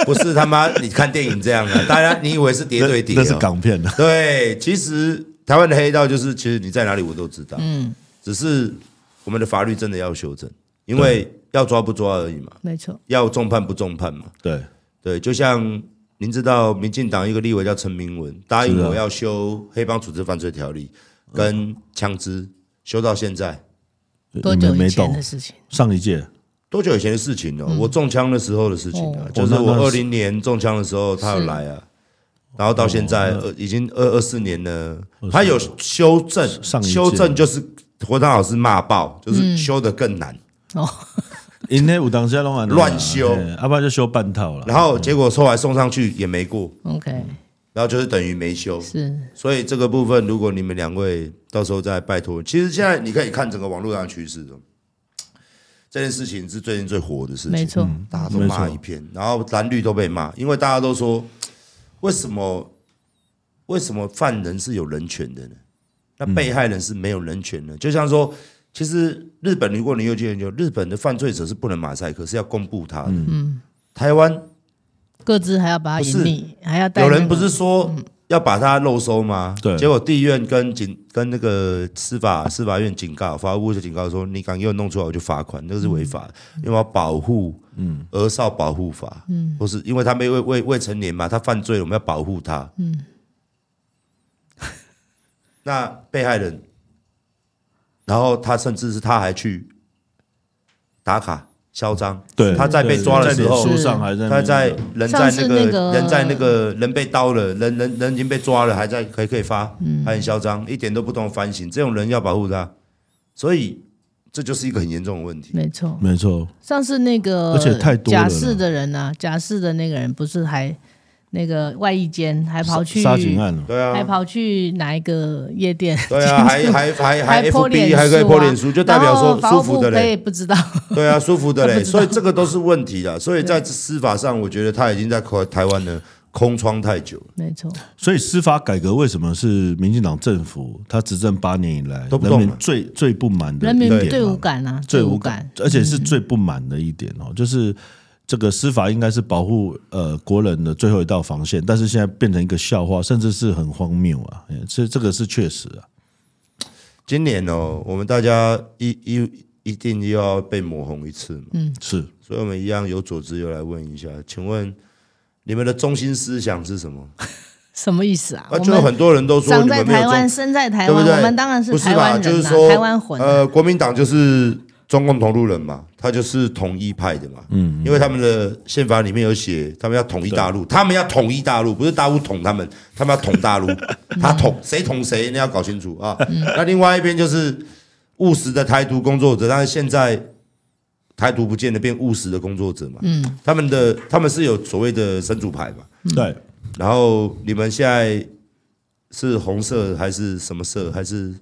不是他媽你看電影這樣的。啊，大家你以為是疊對疊？那是港片對。喔、其實台灣的黑道就是，其實你在哪裡，我都知道。嗯，只是我們的法律真的要修正，因為要抓不抓而已嘛。沒錯，要重判不重判嘛？對對，就像。您知道民進黨一個立委叫陳明文，答應我要修黑幫組織犯罪條例跟槍支，修到現在多久沒動的事情？上一屆多久以前的事情？我中槍的時候的事情，啊哦，就是我二零年中槍的時候，哦，他有來啊，哦，然後到現在，哦，已經二二四年了，他有修正，修正就是我湯老師罵爆，就是修得更難，嗯，哦。因為當時亂、啊、修，就修半套了。然後結果後來送上去也沒過，OK。然後就是等於沒修。是，所以這個部分如果你們兩位到時候再拜托，其實現在你可以看整個網絡上的趨勢，這件事情是最近最火的事情，沒錯，大家都罵一片，然後藍綠都被罵，因為大家都說，為什麼為什麼犯人是有人權的呢？那被害人是沒有人權的，就像說。其實日本如果你有去研究，日本的犯罪者是不能馬賽克，可是要公布他的。嗯、台灣灣各自還要把他隱匿，是還要、那個、有人不是說要把它漏收嗎？對、嗯，結果地院跟警跟那個司法司法院警告，法務部就警告說，你敢給我弄出來，我就罰款，嗯，那個是違法，因為要保護嗯，兒少保護法，嗯，不是因為他沒未未未成年嘛，他犯罪了，我們要保護他，嗯， 那被害人。然後他甚至是他還去打卡囂張，對，是他在被抓的時候上還在，對是他在人在那個是人在那個人被刀了，那個、人人人已經被抓了，還在還可以發，嗯、還很囂張，一點都不懂反省，這種人要保護他，所以這就是一個很嚴重的問題，沒錯，沒錯。上次那個而且太多假釋的人呢、啊，假釋的那個人不是還。那個外衣間還跑去殺警案，對啊，還跑去哪一個夜店？對啊，還還還還 FB 還可以破臉書啊，就代表說舒服的嘞，不知道。對啊，舒服的嘞，所以這個都是問題的。所以在司法上，我覺得他已經在台灣的空窗太久了。沒錯 錯。所以司法改革為什麼是民進黨政府？他執政八年以來，人民最最不滿的，人民最無感啊，最無感，而且是最不滿的一點哦，就是。這個司法應該是保護呃國人的最後一道防線，但是現在變成一個笑話，甚至是很荒謬啊！這這個是確實啊。今年哦，我們大家一一一,一定又要被抹紅一次，嗯，是。所以，我們一樣有組織又來問一下，請問你們的中心思想是什麼？什麼意思啊？就很多人都說，我們長在台灣，生在台灣，對對我們當然是台灣人、啊吧。就是說，台灣魂、啊。呃，國民黨就是。中共同路人嘛，他就是統一派的嘛。嗯哼，因為他們的憲法裡面有寫，他們要統一大陸，對他們要統一大陸，不是大陸統他們，他們要統大陸。 他統誰、嗯、統誰，你要搞清楚啊。嗯、那另外一邊就是務實的台獨工作者，但是現在台獨不見得變務實的工作者嘛。嗯，他們的他們是有所謂的神主牌嘛。對。然後你們現在是紅色還是什麼色？還是？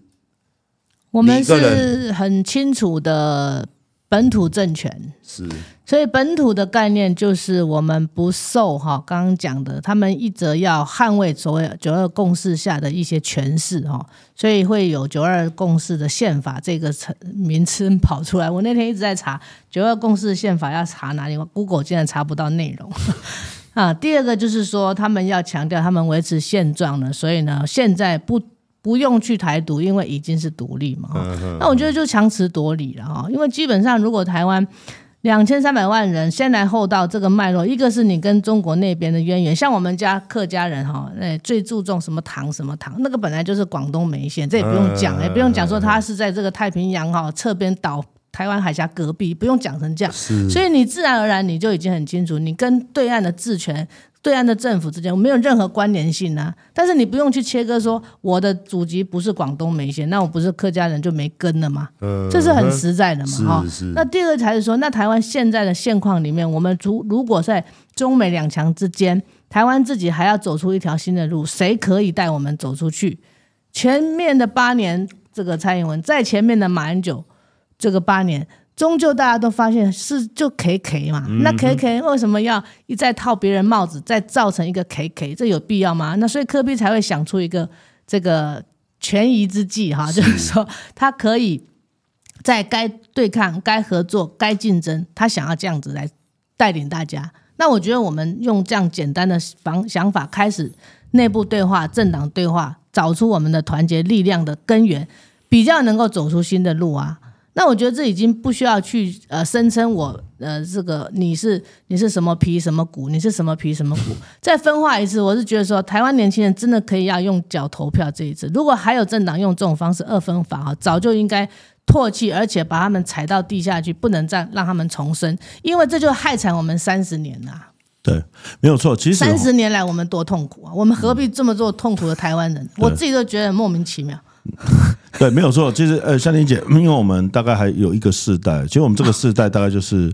我們是很清楚的本土政權是，所以本土的概念就是我們不受哈，剛剛講的，他們一則要捍衛所謂九二共識下的一些權勢哈，所以會有九二共識的憲法這個名稱跑出來。我那天一直在查九二共識憲法要查哪裡，Google 竟然查不到內容啊, 啊。第二個就是說，他們要強調他們維持現狀呢，所以呢，現在不。不用去台獨，因為已經是獨立嘛。嗯、那我覺得就強詞奪理了哈、哦，嗯、因為基本上如果台灣兩千三百萬人先來後到這個脈絡，一個是你跟中國那邊的淵源，像我們家客家人哈、哦，哎，最注重什麼堂什麼堂，那個本來就是廣東梅縣，這也不用講，也、嗯哎、不用講說他是在這個太平洋哈、哦、側邊島台灣海峽隔壁，不用講成這樣。是所以你自然而然你就已經很清楚，你跟對岸的治權。對岸的政府之間我沒有任何關聯性啊，但是你不用去切割說我的祖籍不是廣東梅縣，那我不是客家人就沒根了嗎？呃、這是很實在的嘛，是是哦、那第二才是說，那台灣現在的現況裡面，我們如如果在中美兩強之間，台灣自己還要走出一條新的路，誰可以帶我們走出去？前面的八年，這個蔡英文；再前面的馬英九，這個八年。終究大家都發現是就 KK 嘛，那 KK 為什麼要一再套別人帽子，再造成一個 KK？這有必要嗎？那所以柯 P 才會想出一個這個權宜之計哈，就是說他可以在該對抗、該合作、該競爭，他想要這樣子來帶領大家。那我覺得我們用這樣簡單的方想法開始內部對話、政黨對話，找出我們的團結力量的根源，比較能夠走出新的路啊。那我覺得這已經不需要去呃聲稱我呃這個你是你是什麼皮什麼骨，你是什麼皮什麼骨，再分化一次。我是覺得說，台灣年輕人真的可以要用腳投票這一次。如果還有政黨用這種方式二分法哈、哦，早就應該唾棄，而且把他們踩到地下去，不能再讓他們重生，因為這就害慘我們三十年了。對，沒有錯。其實三十年來我們多痛苦啊，我們何必這麼做痛苦的台灣人？我自己都覺得很莫名其妙。 對，沒有錯。其實，呃，香玲姐，因為我們大概還有一個世代，其實我們這個世代大概就是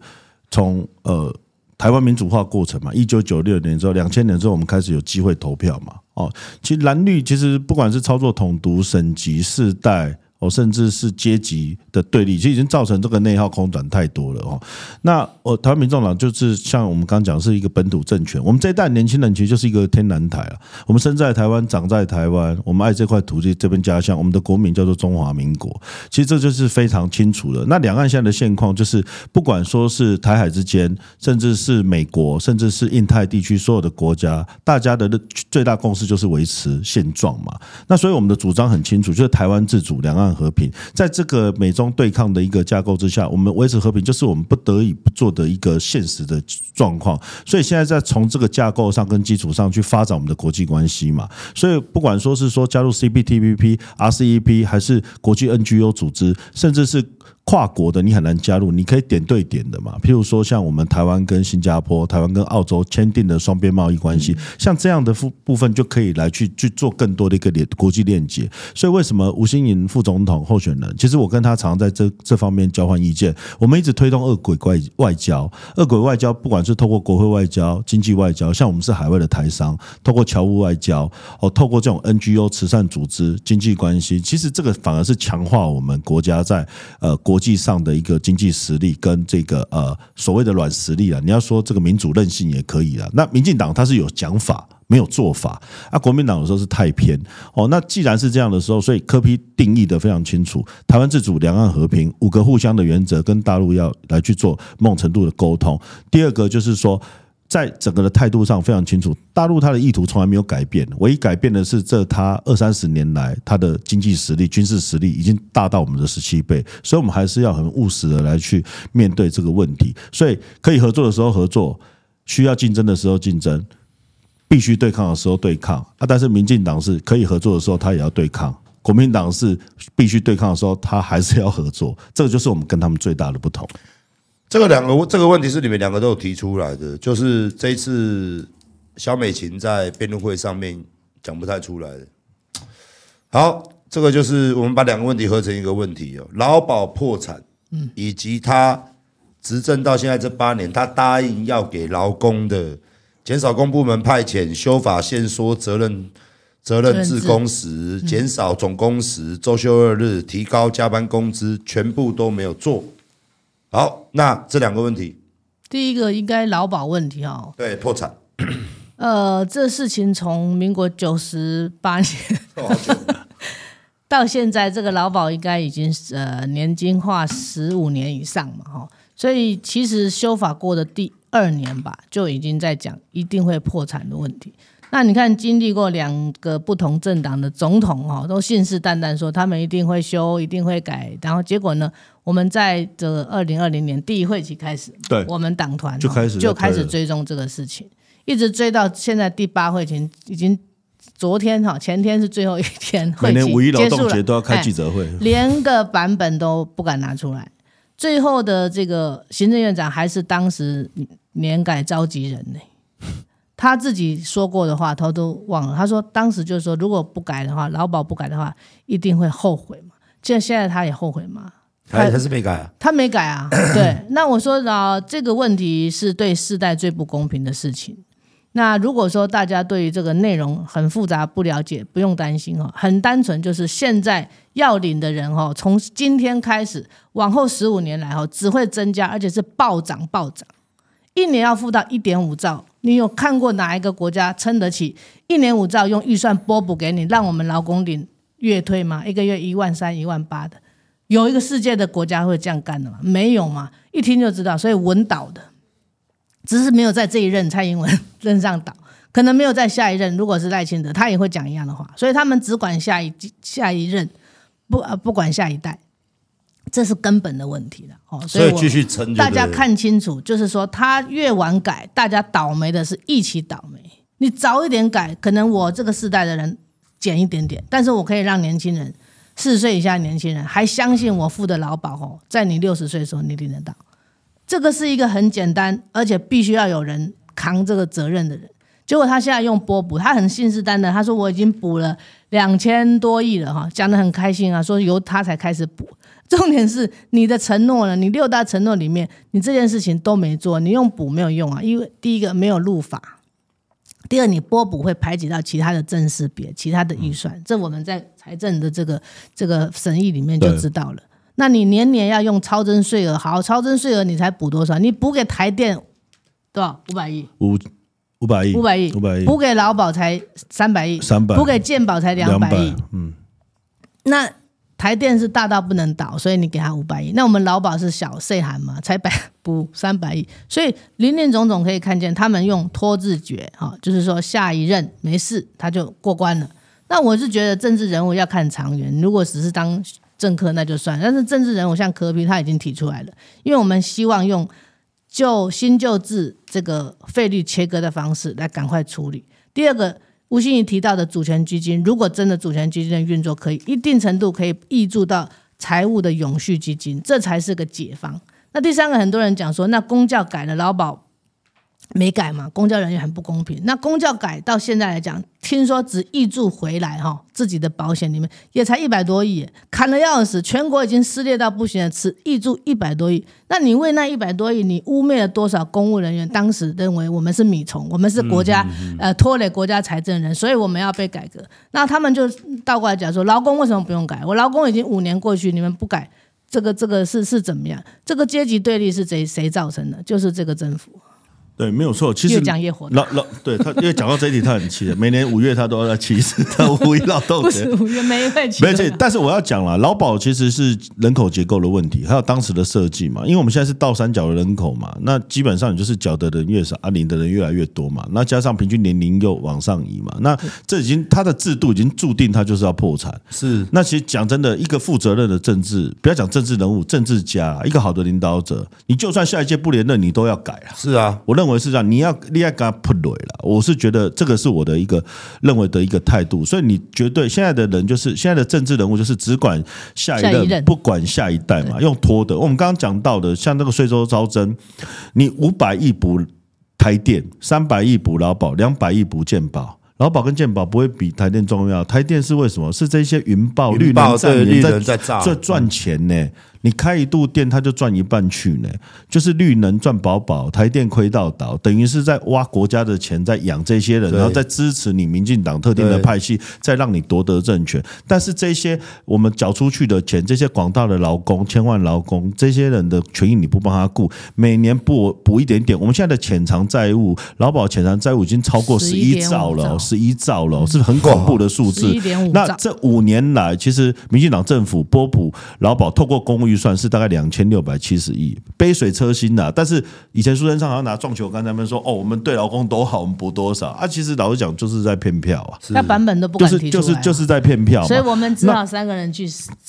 從呃台灣民主化過程嘛，一九九六年之後，兩千年之後，我們開始有機會投票嘛。哦，其實藍綠其實不管是操作統獨、省籍世代，哦，甚至是階級的對立，其實已經造成這個內耗空轉太多了哦。那呃台灣民眾黨就是像我們剛講，是一個本土政權。我們這一代年輕人其實就是一個天然台啊，我們生在台灣，長在台灣，我們愛這塊土地，這邊家鄉，我們的國名叫做中華民國。其實這就是非常清楚的。那兩岸現在的現況就是，不管說是台海之間，甚至是美國，甚至是印太地區所有的國家，大家的最大共識就是維持現狀嘛。那所以我們的主張很清楚，就是台灣自主，兩岸和平，在這個美中對抗的一個架構之下，我們維持和平就是我們不得已不做的一個現實的狀況。所以現在在從這個架構上跟基礎上去發展我們的國際關係嘛。所以不管說是說加入 CPTPP、RCEP，還是國際 NGO 組織，甚至是跨國的，你很難加入。你可以點對點的嘛，譬如說像我們台灣跟新加坡、台灣跟澳洲簽訂的雙邊貿易關係，像這樣的部部分就可以來去去做更多的一個連國際鏈接。所以為什麼吳欣盈副總？總統候選人，其實我跟他常在這這方面交換意見。我們一直推動二軌外外交，二軌外交不管是透過國會外交、經濟外交，像我們是海外的台商，透過僑務外交，哦，透過這種 NGO 慈善組織、經濟關係，其實這個反而是強化我們國家在呃國際上的一個經濟實力跟這個呃所謂的軟實力啊。你要說這個民主韌性也可以啊，那民進黨它是有講法。沒有做法啊！國民黨有時候是太偏哦。那既然是這樣的時候，所以柯 P 定義得非常清楚：台灣自主、兩岸和平、五個互相的原則，跟大陸要來去做某種程度的溝通。第二個就是說，在整個的態度上非常清楚，大陸他的意圖從來沒有改變，唯一改變的是這他二三十年來他的經濟實力、軍事實力已經大到我們的十七倍，所以我們還是要很務實的來去面對這個問題。所以可以合作的時候合作，需要競爭的時候競爭。必須對抗的時候對抗啊，但是民進黨是可以合作的時候，他也要對抗；國民黨是必須對抗的時候，他還是要合作。這個就是我們跟他們最大的不同。這個兩個這個問題是你們兩個都有提出來的，就是這一次蕭美琴在辯論會上面講不太出來的。好，這個就是我們把兩個問題合成一個問題哦。勞保破產，嗯，以及他執政到現在這八年，他答應要給勞工的。減少公部門派遣、修法限縮責任、責任制工時，減少總工時、周、嗯、休二日、提高加班工資，全部都沒有做。好，那這兩個問題，第一個應該勞保問題哦。對，破產。呃，這事情從民國九十八年 到現在，這個勞保應該已經呃年金化十五年以上嘛、哦，哈。所以其實修法過的第二年吧，就已經在講一定會破產的問題。那你看，經歷過兩個不同政黨的總統，哈，都信誓旦旦說他們一定會修，一定會改。然後結果呢？我們在這二零二零年第一會期開始，對，我們黨團就開始就，就開始追蹤這個事情，一直追到現在第八會期，已經昨天哈，前天是最後一天會期結束了，每年五一勞動節都要開記者會，連個版本都不敢拿出來。 最後的這個行政院長還是當時。年改召集人呢，欸，他自己說過的話，他都忘了。他說當時就說，如果不改的話，勞保不改的話，一定會後悔嘛。現現在他也後悔嗎？他他是沒改、啊，他沒改啊。咳咳對，那我說啊，這個問題是對世代最不公平的事情。那如果說大家對於這個內容很複雜不了解，不用擔心哦，很單純就是現在要領的人哈，從今天開始往後十五年來哈，只會增加，而且是暴漲暴漲。一年要付到一點五兆，你有看過哪一個國家撐得起？一年五兆用預算撥補給你，讓我們勞工領月退嗎？一個月一萬三、一萬八的，有一個世界的國家會這樣幹的嗎？沒有嘛！一聽就知道，所以穩倒的，只是沒有在這一任蔡英文任上倒，可能沒有在下一任，如果是賴清德，他也會講一樣的話。所以他們只管下一下一任，不啊，不管下一代。這是根本的問題了，哦，所以繼續大家看清楚，就是說他越晚改，大家倒霉的是一起倒霉。你早一點改，可能我這個世代的人減一點點，但是我可以讓年輕人，四十歲以下的年輕人還相信我付的勞保在你六十歲的時候你領得到。這個是一個很簡單，而且必須要有人扛這個責任的人。結果他現在用撥補，他很信誓旦旦，他說我已經補了兩千多億了哈，講得很開心啊，說由他才開始補。重點是你的承諾呢？你六大承諾裡面，你這件事情都沒做，你用補沒有用啊？因為第一個沒有入法，第二你撥補會排擠到其他的政事別、其他的預算，嗯、這我們在財政的這個這個審議裡面就知道了。對。那你年年要用超徵稅額，好，超徵稅額你才補多少？你補給台電對吧？五百億，五五百億，五百億，五百億，補給勞保才三百億，三百億，補給健保才兩百億，200, 嗯，那。台電是大到不能倒，所以你給他五百億。那我們勞保是小細漢嘛，才百補三百億。所以林林總總可以看見，他們用拖字訣，哈、哦，就是說下一任沒事他就過關了。那我是覺得政治人物要看長遠，如果只是當政客那就算。但是政治人物像柯 P，他已經提出來了，因為我們希望用新救新舊制這個費率切割的方式來趕快處理。第二個。吳欣怡提到的主權基金，如果真的主權基金的運作可以，一定程度可以挹注到財務的永續基金，這才是個解方。那第三個，很多人講說，那公教改了勞保。沒改嘛？公教人員很不公平。那公教改到現在來講，聽說只挹注回來哈、哦，自己的保險裡面也才一百多億，砍得要死。全國已經撕裂到不行了，只挹注一百多億。那你為那一百多億，你污蔑了多少公務人員？當時認為我們是米蟲，我們是國家、嗯嗯嗯、呃拖累國家財政的人，所以我們要被改革。那他們就倒過來講說，勞工為什麼不用改？我勞工已經五年過去，你們不改，這個這個是是怎麼樣？這個階級對立是誰誰造成的？就是這個政府。對，沒有錯。其實越講越火。老老，對他，因為講到這一題，他很氣的。 每年五月，他都要來氣一次他五一勞動節。 不是五月，沒問題吧，但是我要講了，勞保其實是人口結構的問題，還有當時的設計嘛。因為我們現在是倒三角的人口嘛，那基本上你就是繳的人越少啊，領的人越來越多嘛。那加上平均年齡又往上移嘛，那這已經是他的制度已經注定他就是要破產。是。那其實講真的，一個負責任的政治，不要講政治人物、政治家、啊，一個好的領導者，你就算下一屆不連任，你都要改啊。是啊，我認。認為是這樣，你要你要給他撲蕊了。我是覺得這個是我的一個認為的一個態度，所以你絕對現在的人就是現在的政治人物就是只管下一任，不管下一代嘛，一用拖的。對 我們剛剛講到的，像那個稅收超徵，你五百億補台電，三百億補勞保，兩百億補健保，勞保跟健保不會比台電重要。台電是為什麼？是這些雲豹雲報、綠能、在在在賺錢呢，欸？對 嗯你開一度電，他就賺一半去呢、欸，就是綠能賺飽飽，台電虧到倒，等於是在挖國家的錢，在養這些人，對然後再支持你民進黨特定的派系，在對讓你奪得政權。但是這些我們繳出去的錢，這些廣大的勞工、千萬勞工這些人的權益，你不幫他顧，每年補補一點點。我們現在的潛藏債務、勞保潛藏債務已經超過十一兆了，十一兆,兆了，是，是很恐怖的數字。哦、那這五年來，其實民進黨政府撥補勞保，勞保透過公務預算是大概兩千六百七十億，杯水車薪吶、啊。但是以前蘇貞昌好像拿撞球桿，他們說哦，我們對勞工多好，我們補多少啊？其實老實講，就是在騙票啊。那是是版本都不敢提出來就是、就是、就是在騙票，所以我們只好三個人去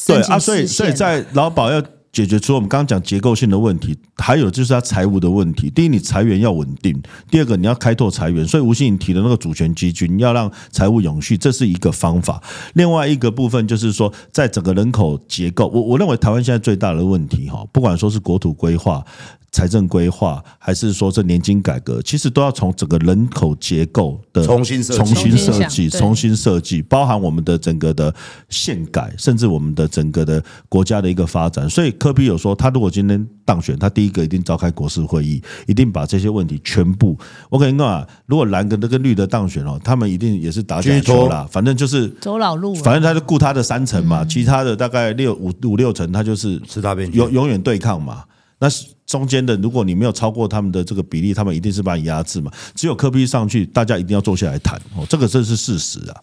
對啊。所以所以在勞保要。解決，除了我們剛剛講結構性的問題，還有就是它財務的問題。第一，你財源要穩定；第二個，你要開拓財源。所以吳欣盈提的那個主權基金，要讓財務永續，這是一個方法。另外一個部分就是說，在整個人口結構，我我認為台灣現在最大的問題，哈，不管說是國土規劃。財政規劃，還是說這年金改革，其實都要從整個人口結構的重新設計重新設計、重新設計，包含我們的整個的憲改，甚至我們的整個的國家的一個發展。所以柯 P 有說，他如果今天當選，他第一個一定召開國是會議，一定把這些問題全部。我跟你講啊，如果藍的跟綠的當選哦，他們一定也是打假球啦，反正就是走老路，反正他就顧他的三成嘛，其他的大概六五五六成，他就是吃大便，永永遠對抗嘛。那是。中間的，如果你沒有超過他們的這個比例，他們一定是把你壓制嘛。只有柯 P 上去，大家一定要坐下來談哦。這個這是事實啊。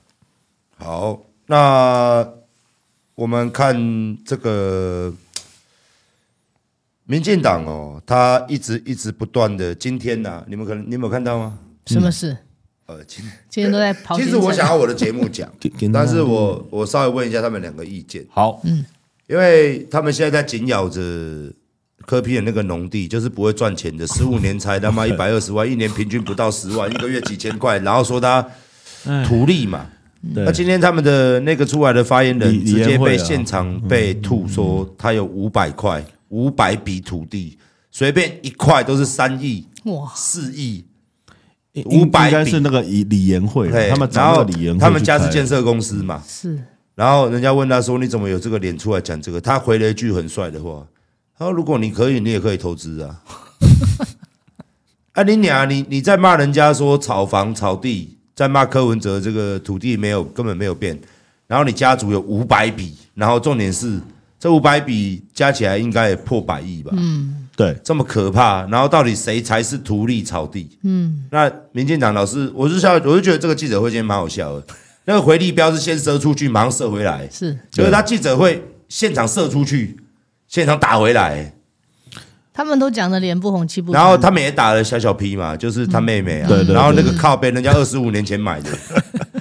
好，那我們看這個民進黨哦，他一直一直不斷的。今天呢、啊，你們可能你們有沒有看到嗎？什麼事？呃、嗯，今天今天都在跑。其實我想要我的節目講， 但是我我稍微問一下他們兩個意見。好，嗯，因為他們現在在緊咬着。科批的那個農地就是不會賺錢的，十五年才他媽一百二十萬， 一年平均不到十萬， 一個月幾千塊。然後說他土地嘛，欸、那今天他們的那個出來的發言人直接被現場被吐說他有五百塊，五百、嗯嗯嗯嗯、筆土地，隨便一塊都是三億、四億哇、五百，應該是那個李李延會，對他們李延會然後他們家是建設公司嘛，是，然後人家問他說你怎麼有這個臉出來講這個，他回了一句很帥的話。他說：“如果你可以，你也可以投資啊！哎、 啊，你倆，你你在罵人家說炒房、炒地，在罵柯文哲這個土地沒有，根本沒有變。然後你家族有五百筆，然後重點是這五百筆加起來應該也破百億吧？嗯，對，這麼可怕。然後到底誰才是圖利炒地？嗯，那民進黨老師，我就笑，我就覺得這個記者會今天蠻好笑的。那個回力鏢是先射出去，馬上射回來，是，就是他記者會對現場射出去。”現場打回來，他們都講的臉不紅氣不，然後他們也打了小小 P 嘛，嗯、就是他妹妹啊。對對。然後那個靠背，人家二十五年前買的，嗯、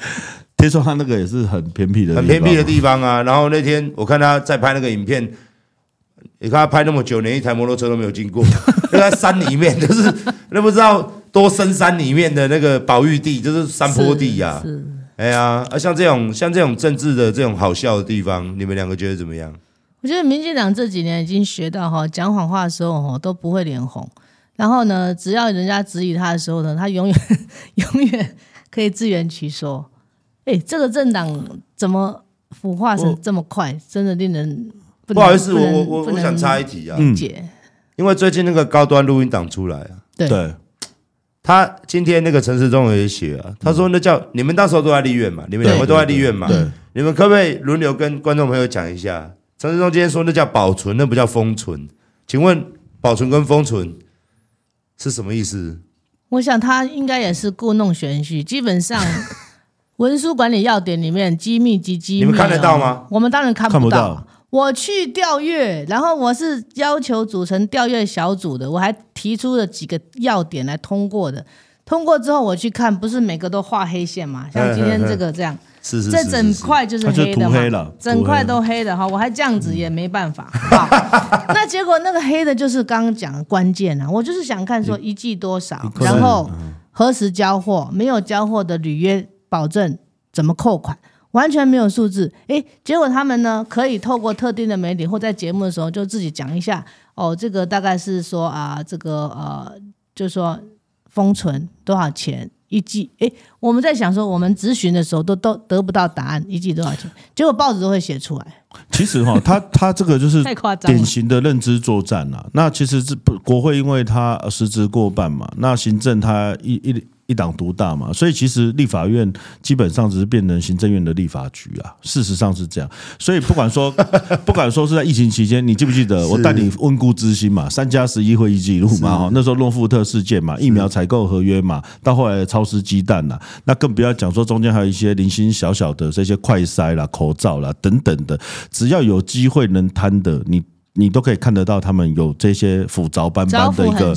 聽說他那個也是很偏僻的、啊、很偏僻的地方啊。然後那天我看他在拍那個影片，你看他拍那麼久，連一台摩托車都沒有經過，就 在山裡面，就是都、那個、不知道多深山裡面的那個保育地，就是山坡地呀、啊。是。哎呀，啊，像這種像這種政治的這種好笑的地方，你們兩個覺得怎麼樣？我覺得民進黨這幾年已經學到哈，講謊話的時候哈都不會臉紅，然後呢，只要人家質疑他的時候呢，他永遠永遠可以自圓其說。哎、欸，這個政黨怎麼腐化成這麼快？我真的令人不，不好意思，我我我想插一題啊，嗯，解因為最近那個高端錄音檔出來啊，對，他今天那個陳時中文也寫啊，他說，那叫你們到時候都在立院嘛，你們兩個都在立院嘛，對、對、對，對你們可不可以輪流跟觀眾朋友講一下？陳志忠今天說那叫保存，那不叫封存。請問保存跟封存是什麼意思？我想他應該也是故弄玄虛。基本上，《文書管理要點》裡面機密級機密、哦，你們看得到嗎？我們當然看不到。不到我去調閱，然後我是要求組成調閱小組的，我還提出了幾個要點來通過的。通過之後我去看，不是每個都畫黑線嘛？像今天這個這樣，這整塊就是黑的嘛？它就塗黑了，整塊都黑的哈，了我還這樣子也沒辦法、嗯。 好，那結果那個黑的就是剛剛講的關鍵、啊、我就是想看說一季多少，然後何時交貨，沒有交貨的履約保證怎麼扣款，完全沒有數字。哎，結果他們呢可以透過特定的媒體或在節目的時候就自己講一下，哦，這個大概是說啊、呃，這個呃，就說封存。多少錢一劑？哎、欸，我們在想說，我們質詢的時候都都得不到答案，一劑多少錢？結果報紙都會寫出來。其實哈、哦，他他這個就是典型的認知作戰吶、啊。 太誇張了，那其實是國會，因為他實質過半嘛，那行政他一一一黨獨大嘛，所以其實立法院基本上只是變成行政院的立法局啊。事實上是這樣。所以不管說，不管說是在疫情期間，你記不記得我帶你溫故知新嘛？三加十一會議記錄嘛，哦，那時候諾富特事件嘛，疫苗採購合約嘛，是的 到後來的超市雞蛋吶、啊，那更不要講說中間還有一些零星小小的這些快篩啦、口罩啦等等的，只要有機會能貪的。你。你都可以看得到，他們有這些斧鑿斑斑的一個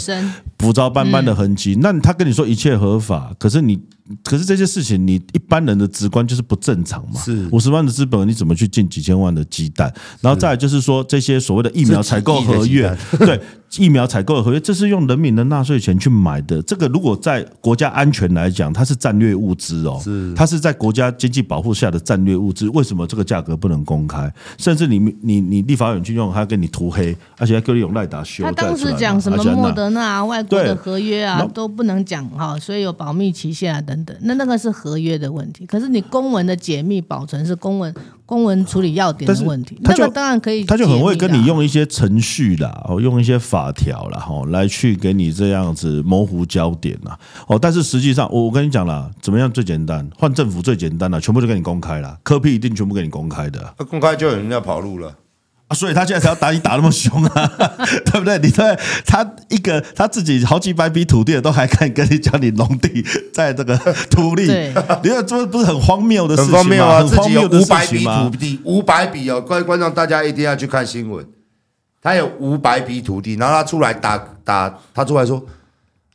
斧鑿斑斑的痕跡。嗯、那他跟你說一切合法，可是你。可是這些事情，你一般人的直觀就是不正常嘛，是五十萬的資本，你怎麼去進幾千萬的雞蛋？是是 然後再來就是說，這些所謂的疫苗採購合約，對疫苗採購合約，這是用人民的納稅錢去買的。這個如果在國家安全來講，它是戰略物資哦，是它是在國家經濟保護下的戰略物資。為什麼這個價格不能公開？甚至你你你，你立法委員去用，還要給你塗黑，而且還各用賴達修。他當時講什麼莫德納啊，是啊、外國的合約啊對 都不能講哈、哦，所以有保密期限的。那那個是合約的問題，可是你公文的解密保存是公文公文處理要點的問題，那個當然可以，他就很會跟你用一些程序啦，哦，用一些法條啦，吼、哦，來去給你這樣子模糊焦點啦。哦，但是實際上，我跟你講啦，怎麼樣最簡單？換政府最簡單了，全部就給你公開了，柯 P 一定全部給你公開的、啊，那公開就有人要跑路了。所以，他現在才要打你打那麼凶啊， 對不對？你對他一個他自己好幾百筆土地的都還敢跟你講你農地在這個土地，你看這是不是很荒謬的事情嗎？荒謬啊！自己有五百筆土地，五百筆哦，各位觀眾大家一定要去看新聞。他有五百筆土地，然後他出來打打，他出來說：“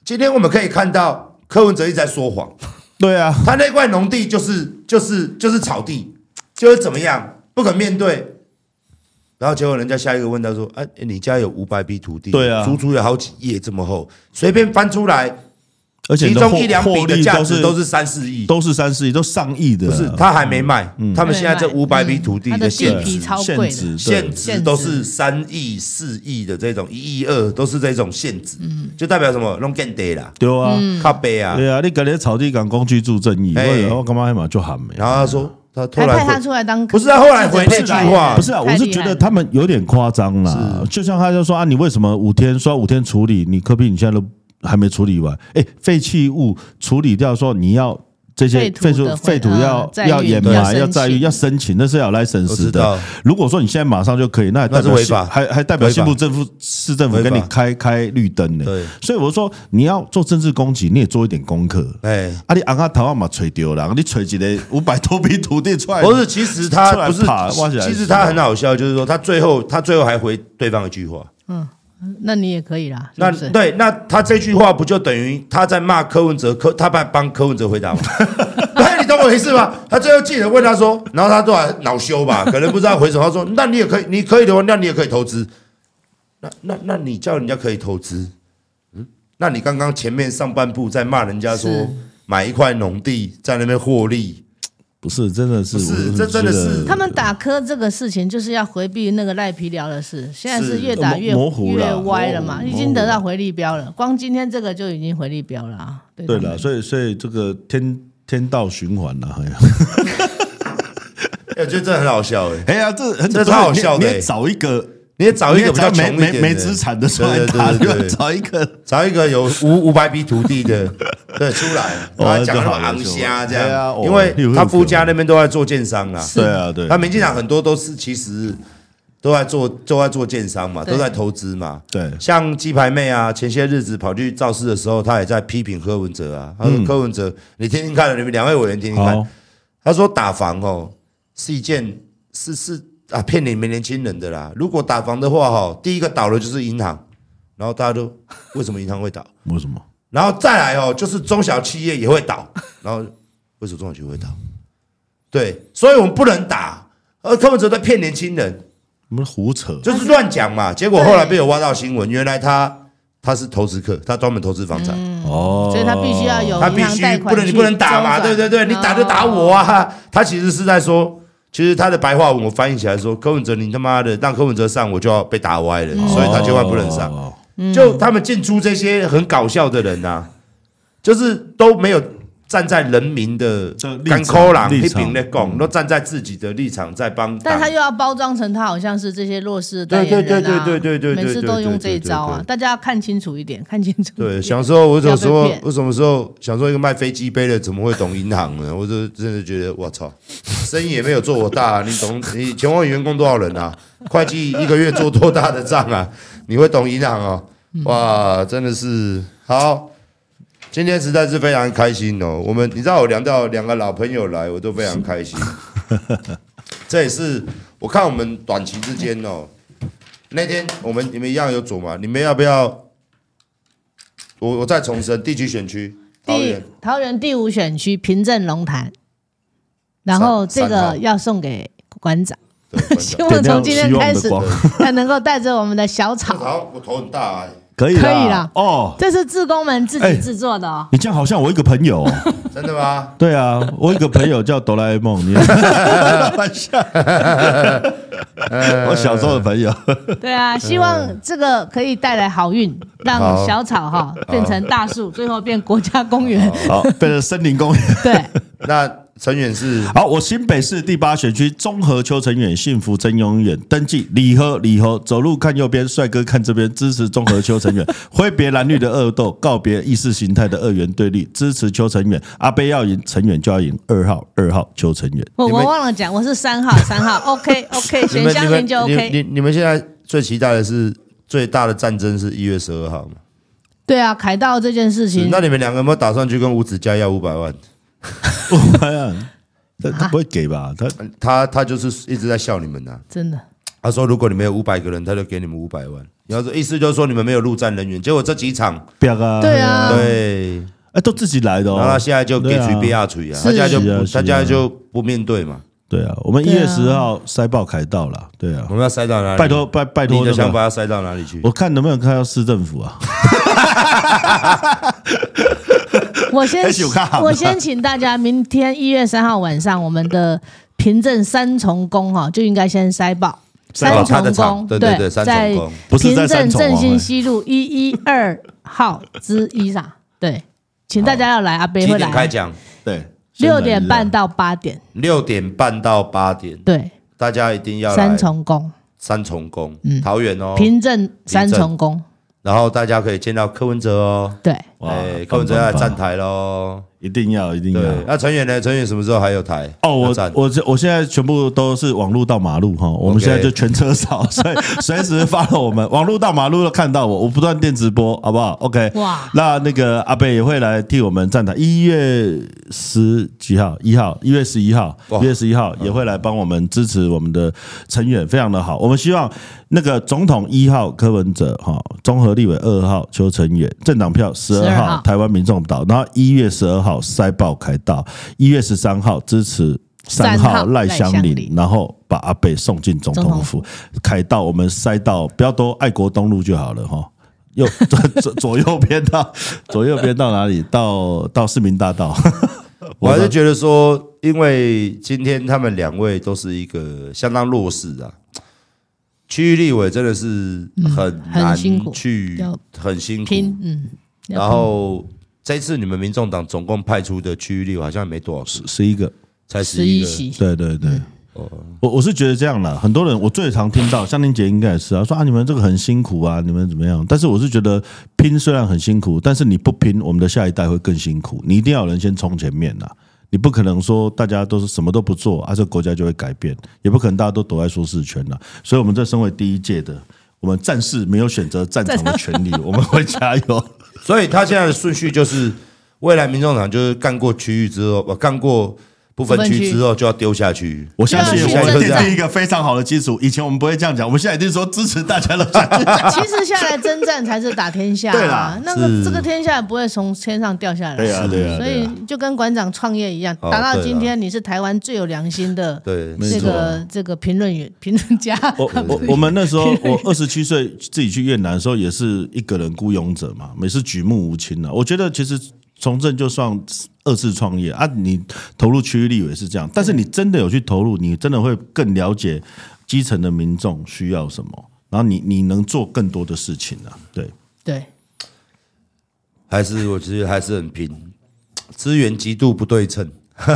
今天我們可以看到柯文哲一直在說謊。”對啊，他那塊農地就是就是就是草地，就是怎麼樣不可面對。然後結果人家下一個問他說：“你家有五百筆土地，足足有好幾頁這麼厚，隨便翻出來，而且其中一兩筆的價值都是三四億，都是三四億，都上億的。不是，他還沒賣，他們現在這五百筆土地的現值，現值都是三億、四億的這種，一億二都是這種現值，就代表什麼？弄更低了，對啊，靠北啊，對啊，你搞點草地港工具助正義，我幹嘛幹嘛就喊沒。”然後他說。他後他出來當不是他後來回這句話，不，不是啊，我是覺得他們有點誇張啦，就像他就說啊，你為什麼五天說五天處理？你柯 P 你現在都還沒處理完，哎，廢棄物處理掉說你要。這些廢土廢土要要掩埋，要在於要申請，那是要有 license 的。如果說你現在馬上就可以，那是違法還還代表新埔政府市政府給你開開綠燈呢？對。所以我說你要做政治攻擊，你也做一點功課。哎，阿你阿阿頭阿嘛捶丟了，你捶幾個五百多坪土地出來？不是，其實他不是，其實他很好笑，就是說他最後他最後還回對方一句話。嗯。那你也可以啦。是不是？那對，那他這句話不就等於他在罵柯文哲？柯他來幫柯文哲回答嗎？ 那你懂我意思嘛？他最後記者問他說，然後他都還惱羞吧，可能不知道回什麼。他說：“那你也可以，你可以的話，那你也可以投資。那”那那那你叫人家可以投資？嗯，那你剛剛前面上半部在罵人家說是買一塊農地在那邊獲利。不是，真的是是，這真的是他們打磕這個事情，就是要回避那個賴皮寮的事。現在是越打越模糊、越歪了嘛？糊已經得到迴力鏢了，光今天這個就已經迴力鏢了、啊。對了，所以所以這個天天道循環了、啊，好像。哎，我覺得這很好笑哎、欸！哎呀、啊，這很這很好笑了、欸！找一個。你也找一個比較沒沒沒資產的說，找一個對對對對，找一個有五五百筆土地的， 對，出來，他講到昂螃啊？啊這樣、啊、因為他夫家那邊都在做建商啊，對啊，對。他民進黨很多都是其實都在做都在做建商嘛，對 都在投資嘛，對。像雞排妹啊，前些日子跑去造勢的時候，他也在批評柯文哲啊。他說：“柯文哲，你聽聽看，你們兩位委員聽聽看。”好哦、他說：“打房哦、喔，是一件是是。”啊，騙你們年輕人的啦！如果打房的話，哦，哈，第一個倒的就是銀行，然後大家都為什麼銀行會倒？為什麼？然後再來哦，就是中小企業也會倒，然後為什麼中小企業會倒？ 對，所以我們不能打，而他們只在騙年輕人。我們胡扯，就是亂講嘛！結果後來被我挖到新聞，對原來他他是投資客，他專門投資房產，嗯、哦，所以他必須要有銀行貸款，他必須不能你不能打嘛，對對對，你打就打我啊！哦、他，他其實是在說。其實他的白話文我翻譯起來說，柯文哲你他媽的讓柯文哲上，我就要被打歪了，所以他千萬不能上。就他們進出這些很搞笑的人吶、啊，就是都沒有。站在人民的立場立場，都站在自己的立場在幫。但他又要包裝成他好像是這些弱勢的代言人。對對對對對對對，每次都用這一招啊！大家要看清楚一點，看清楚一點。想說，我有時候我什麼時候想說一個賣飛機杯的怎麼會懂銀行呢？我就真的覺得，我操，生意也沒有做我大，你懂？你全行員工多少人啊？會計一個月做多大的賬啊？你會懂銀行哦？哇，真的是好。今天實在是非常開心哦！我們，你知道我兩到兩個老朋友來，我都非常開心。 這也是我看我們短期之間哦。那天我們你們一樣有組嘛？你們要不要？我我再重申，地區選區桃園，桃園第五選區平鎮龍潭。然後這個要送給館長，館長 希望從今天開始，他能夠帶着我們的小草。好，我頭很大，哎。可以啦，可以啦，哦，這是志工們自己製作的，哦欸。你這樣好像我一個朋友，哦，真的嗎？對啊，我一個朋友叫哆啦 A 夢，你 我小時候的朋友。對啊，希望這個可以帶來好運， 好讓小草哈、哦、變成大樹，好最後變國家公園，好 好變成森林公園。對，那。臣遠是好，我新北市第八選區中和邱臣遠幸福真永遠登記禮盒禮盒，走路看右邊，帥哥看這邊，支持中和邱臣遠，揮別藍綠的惡鬥，告別意識形態的二元對立，支持邱臣遠，阿伯要贏，臣遠就要贏。二號二號邱臣遠，成員我我忘了講，我是三號三號，OK OK，們選相片就 OK。你們你們現在最期待的是最大的戰爭是一月十二號嗎？對啊，凱道這件事情，那你們兩個有沒有打算去跟吳子嘉要五百萬？哎呀，他他不會給吧？他他他就是一直在笑你們吶，真的。他說，如果你們有五百個人，他就給你們五百萬。然後意思就是說你們沒有陸戰人員，結果這幾場，對啊，對，哎，都自己來的。那他現在就給出不要出啊，大家就大家就不面對嘛。對啊，我們一月十號塞爆凱道了，對啊，我們要塞到哪裡？拜託拜拜託，你的想法要塞到哪裡去？我看能不能看到市政府啊。我先我先請大家，明天一月三號晚上，我們的平鎮三重宮哈就應該先塞爆三重宮，對，在平鎮振興西路一一二號之一上，對，請大家要來啊，伯會來。開講？對，六點半到八點。六點半到八點，對，大家一定要來三重宮，三重宮，嗯，桃園哦。平鎮三重宮，然後大家可以見到柯文哲哦，對。對，柯哇 誒 文哲要來站台嘍、嗯！一定要，一定要。對 那臣遠呢？臣遠什麼時候還有台？哦，我要站 我我現在全部都是網路到馬路哈，我們現在就全車掃，所以隨時 follow 我們網路到馬路都看到我，我不斷電直播，好不好？OK。哇，那那個阿北也會來替我們站台，一月十幾號一號，一月十一號，一月十一號也會來幫我們支持我們的臣遠，非常的好。我們希望那個總統一號柯文哲哈，中和立委二號邱臣遠，政黨票十二。好，台灣民眾黨，然後一月十二號塞爆凱道，一月十三號支持三號賴香伶，然後把阿北送進總統府總統凱道我們塞到，不要都愛國東路就好了哈。右左左右邊到 左右邊到哪裡？到到市民大道。我還是覺得說， 因為今天他們兩位都是一個相當弱勢的區域立委，真的是很難去、嗯、很辛苦拼嗯。然後這一次你們民眾黨總共派出的區域好像沒多少，十十一個才十一個，個對對對，我、oh. 我是覺得這樣啦，很多人我最常聽到，香菱姐應該也是啊，說啊你們這個很辛苦啊，你們怎麼樣？但是我是覺得拼雖然很辛苦，但是你不拼，我們的下一代會更辛苦，你一定要有人先衝前面吶，你不可能說大家都是什麼都不做啊，這個國家就會改變，也不可能大家都躲在舒適圈啦，所以我們在身為第一屆的。我們暫時沒有選擇戰場的權利，我們會加油。 所以，他現在的順序就是，未來民眾黨就是幹過區域之後，我幹過。部分區之後就要丟下去，我相信我們奠定一個非常好的基礎。以前我們不會這樣講，我們現在一定說支持大家的。其實下來征戰才是打天下，對啊，那個這個天下不會從天上掉下來，對啊，所以就跟館長創業一樣，打到今天你是台灣最有良心的，對，沒錯，這個評論員評論家。我我們那時候我二十七歲自己去越南的時候也是一個人孤勇者嘛，每次舉目無親，我覺得其實。從政就算二次創業啊，你投入區域裡也是這樣，但是你真的有去投入，你真的會更了解基層的民眾需要什麼，然後你你能做更多的事情呢、啊？對，對，還是我覺得還是很拼，資源極度不對稱，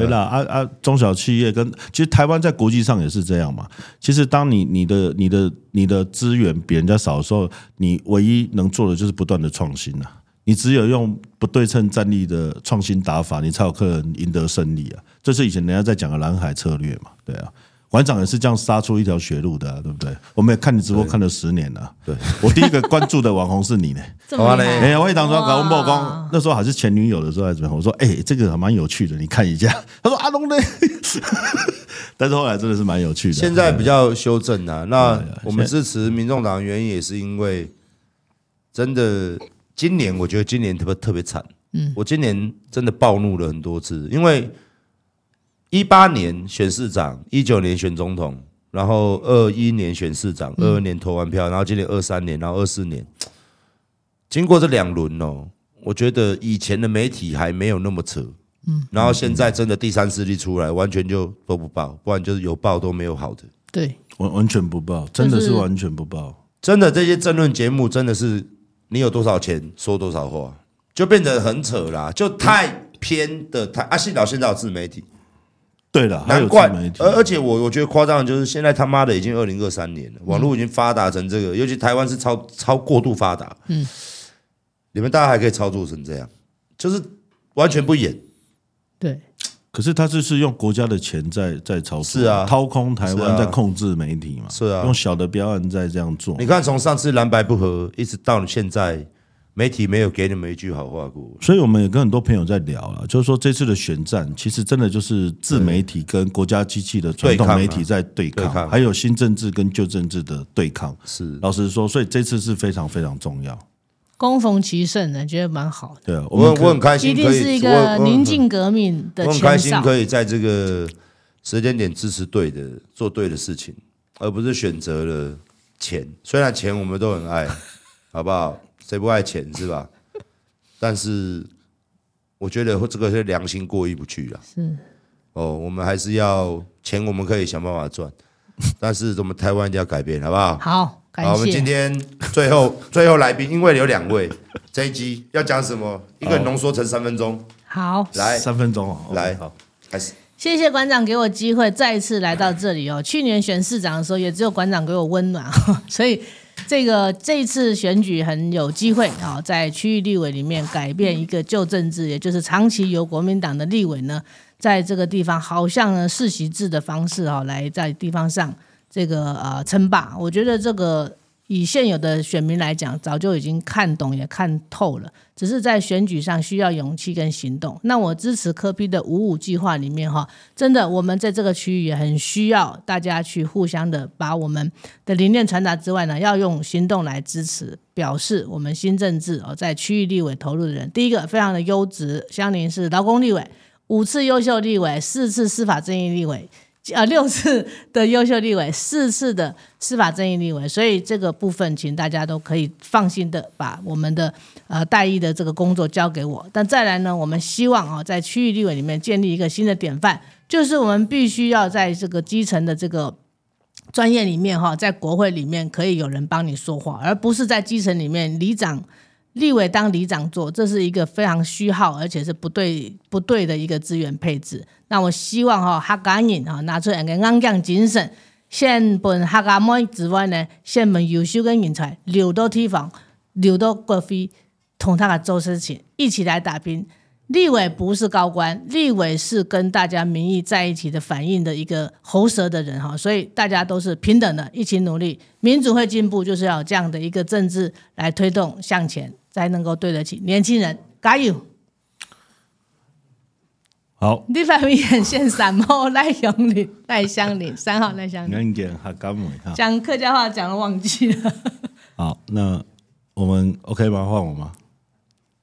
沒啦！啊啊！中小企業跟其實台灣在國際上也是這樣嘛。其實當你你的你的你的資源比人家少的時候，你唯一能做的就是不斷的創新吶、啊。你只有用不對稱戰力的創新打法，你才有可能贏得勝利啊！這是以前人家在講的藍海策略嘛。對啊，館長也是這樣殺出一條血路的，啊，對不對？我們也看你直播對看了十年了，對 我第一個關注的網紅是你呢？怎麼了？哎呀、欸，我也常說搞曝光，哇那時候還是前女友的時候還是什麼？我說哎、欸，這個還蠻有趣的，你看一下。他說阿龍呢？啊、 但是後來真的是蠻有趣的。現在比較修正了。啊、那我們支持民眾黨的原因也是因為真的。今年我覺得今年特別特別慘，嗯，我今年真的暴怒了很多次，因為一八年選市長，一九年選總統，然後二一年選市長，二二年投完票，然後今年二三年，然後二四年，經過這兩輪哦，我覺得以前的媒體還沒有那麼扯，嗯，然後現在真的第三勢力出來，完全就都不報，不然就是有報都沒有好的，對，完完全不報，真的是完全不報，真的這些政論節目真的是。你有多少錢說多少話，啊，就變得很扯啦，就太偏的太啊，幸好幸好，現在現在有自媒體，對了，難怪。而而且我我覺得誇張的就是，現在他媽的已經二零二三年了，網絡已經發達成這個，嗯、尤其台灣是超超過度發達。嗯，你們大家還可以操作成這樣，就是完全不演。對。可是他這是用國家的錢在在操控，是啊，掏空台灣，在控制媒體嘛。是啊，是啊，用小的標案在這樣做。你看從上次藍白不合一直到現在，媒體沒有給你們一句好話過，所以我們也跟很多朋友在聊了，就是說這次的選戰其實真的就是自媒體跟國家機器的傳統媒體在對抗，對抗啊，對抗還有新政治跟舊政治的對抗，是老實說，所以這次是非常非常重要。恭逢其盛的，覺得蠻好的。對、啊，我很、嗯、我很開心。一定是一個寧靜革命的前哨。我很，我很開心可以在這個時間點支持對的，做對的事情，而不是選擇了錢。雖然錢我們都很愛，好不好？誰不愛錢是吧？ 但是我覺得這個是良心過意不去啊。是。哦，我們還是要錢，我們可以想辦法賺，但是我們台灣一定要改變，好不好？好。好，我們今天最後 最後來賓，因為有兩位，這一集要講什麼？一個人濃縮成三分鐘。好，來三分鐘，來好開始。謝謝館長給我機會，再一次來到這裡哦。去年選市長的時候，也只有館長給我溫暖啊、哦，所以這個這次選舉很有機會啊、哦，在區域立委裡面改變一個舊政治，也就是長期由國民黨的立委呢，在這個地方好像呢世襲制的方式啊、哦，來在地方上。這個呃稱霸，我覺得這個以現有的選民來講，早就已經看懂也看透了，只是在選舉上需要勇氣跟行動。那我支持柯 P 的五五計劃裡面哈，真的我們在這個區域也很需要大家去互相的把我們的理念傳達之外呢，要用行動來支持表示我們新政治哦，在區域立委投入的人，第一個非常的優質，相鄰是勞工立委，五次優秀立委，四次司法正義立委。呃、啊，六次的優秀立委，四次的司法正義立委，所以這個部分，請大家都可以放心的把我們的呃代議的這個工作交給我。但再來呢，我們希望啊、哦，在區域立委裡面建立一個新的典範，就是我們必須要在這個基層的這個專業裡面哈、哦，在國會裡面可以有人幫你說話，而不是在基層裡面里長。立委當里長做，這是一個非常虛耗而且是不對不對的一個資源配置。那我希望哈，哈甘引啊，拿出兩個剛強精神，先本哈嘎妹之外呢，先奔優秀跟人才留到地方，留到國會同他來做事情，一起來打拼。立委不是高官，立委是跟大家民意在一起的，反映的一個喉舌的人哈，所以大家都是平等的，一起努力，民主會進步，就是要這樣的一個政治來推動向前。才能夠對得起年輕人，加油！好，你發微信先三號賴香林，賴香林，三號賴香林。講客家話講了忘記了。好，那我們 OK 嗎？換我嗎？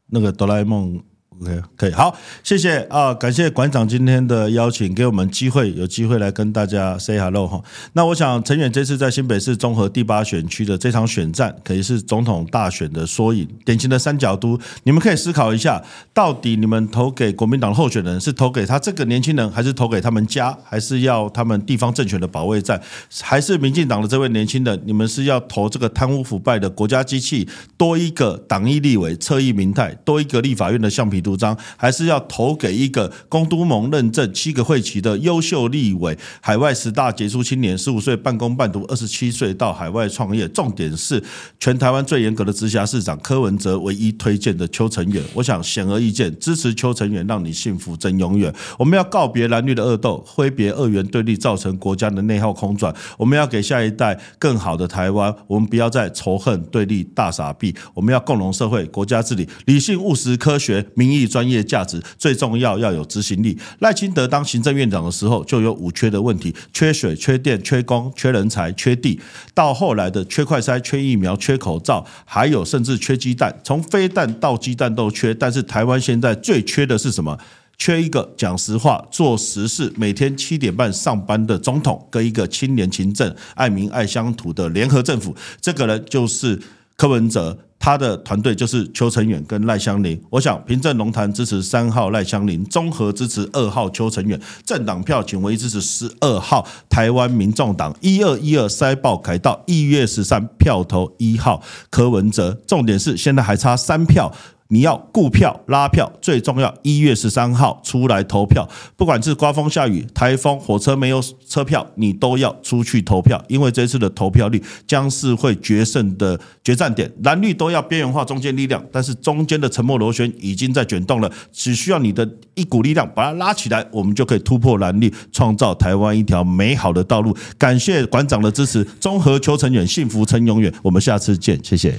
那個哆啦 A 夢。OK，可以，好，謝謝啊、呃，感謝館長今天的邀請，給我們機會有機會來跟大家 say hello 哈。那我想陳遠這次在新北市綜合第八選區的這場選戰，可以是總統大選的縮影，典型的三角督，你們可以思考一下，到底你們投給國民黨候選人，是投給他這個年輕人，還是投給他們家，還是要他們地方政權的保衛戰，還是民進黨的這位年輕人？你們是要投這個貪污腐敗的國家機器，多一個黨意立委，側議民太，多一個立法院的橡皮？獨章還是要投給一個公督盟認證、七個會期的優秀立委、海外十大傑出青年、十五歲半工半讀、二十七歲到海外創業，重點是全台灣最嚴格的直轄市長柯文哲唯一推薦的邱臣遠。我想顯而易見，支持邱臣遠讓你幸福真永遠。我們要告別藍綠的惡鬥，揮別二元對立造成國家的內耗空轉。我們要給下一代更好的台灣。我們不要再仇恨對立大撒幣，我們要共榮社會、國家治理、理性務實、科學民。專業價值最重要，要有執行力。賴清德當行政院長的時候，就有五缺的問題：缺水、缺電、缺工、缺人才、缺地。到後來的缺快篩、缺疫苗、缺口罩，還有甚至缺雞蛋。從飛彈到雞蛋都缺，但是台灣現在最缺的是什麼？缺一個講實話、做實事、每天七點半上班的總統，跟一個清廉勤政、愛民愛鄉土的聯合政府。這個人就是柯文哲。他的團隊就是邱成遠跟賴香伶我想平鎮龍潭支持三號賴香伶綜合支持二號邱成遠，政黨票請為支持十二號台灣民眾黨，一二一二塞報改到一月十三票投一號柯文哲，重點是現在還差三票。你要顧票拉票，最重要。一月十三號出來投票，不管是颳風下雨、颱風、火車沒有車票，你都要出去投票。因為這次的投票率將是會決勝的決戰點。藍綠都要邊緣化中間力量，但是中間的沉默螺旋已經在捲動了，只需要你的一股力量把它拉起來，我們就可以突破藍綠，創造台灣一條美好的道路。感謝館長的支持，中和求成遠，幸福成永遠。我們下次見，謝謝。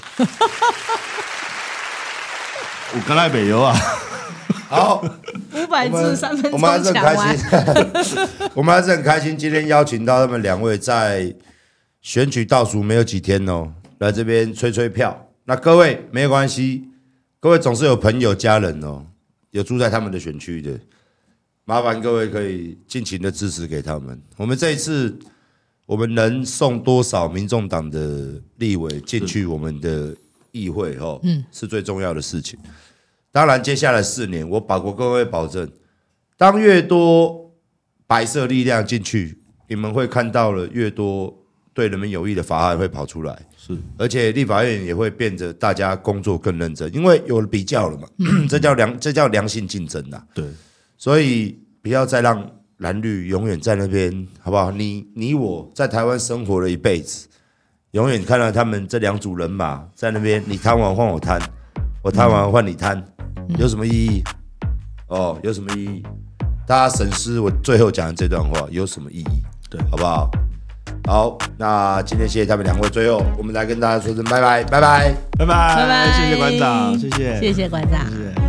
我剛才沒有啊。好，五百字，三分鐘，我們還是很開心，講完 我們還是很開心。今天邀請到他們兩位，在選舉倒數沒有幾天哦，來這邊吹吹票。那各位沒有關係，各位總是有朋友家人哦，有住在他們的選區的，麻煩各位可以盡情的支持給他們。我們這一次，我們能送多少民眾黨的立委進去我們的議會喔，是，嗯，是最重要的事情。當然，接下來四年，我保，我跟各位保證，當越多白色力量進去，你們會看到了越多對人民有益的法案會跑出來。是，而且立法院也會變得大家工作更認真，因為有了比較了嘛，嗯、呵呵這叫良，這叫良性競爭啊。對，所以不要再讓藍綠永遠在那邊，好不好？你你我在台灣生活了一輩子，永遠看到他們這兩組人馬在那邊，你貪完換我貪。 我貪完換你貪，嗯、有什麼意義？嗯、哦，有什麼意義？大家審思我最後講的這段話有什麼意義？對，好不好？好，那今天謝謝他們兩位，最後我們來跟大家說聲拜拜，拜拜，拜拜，拜拜，謝謝館長，謝謝，謝謝館長，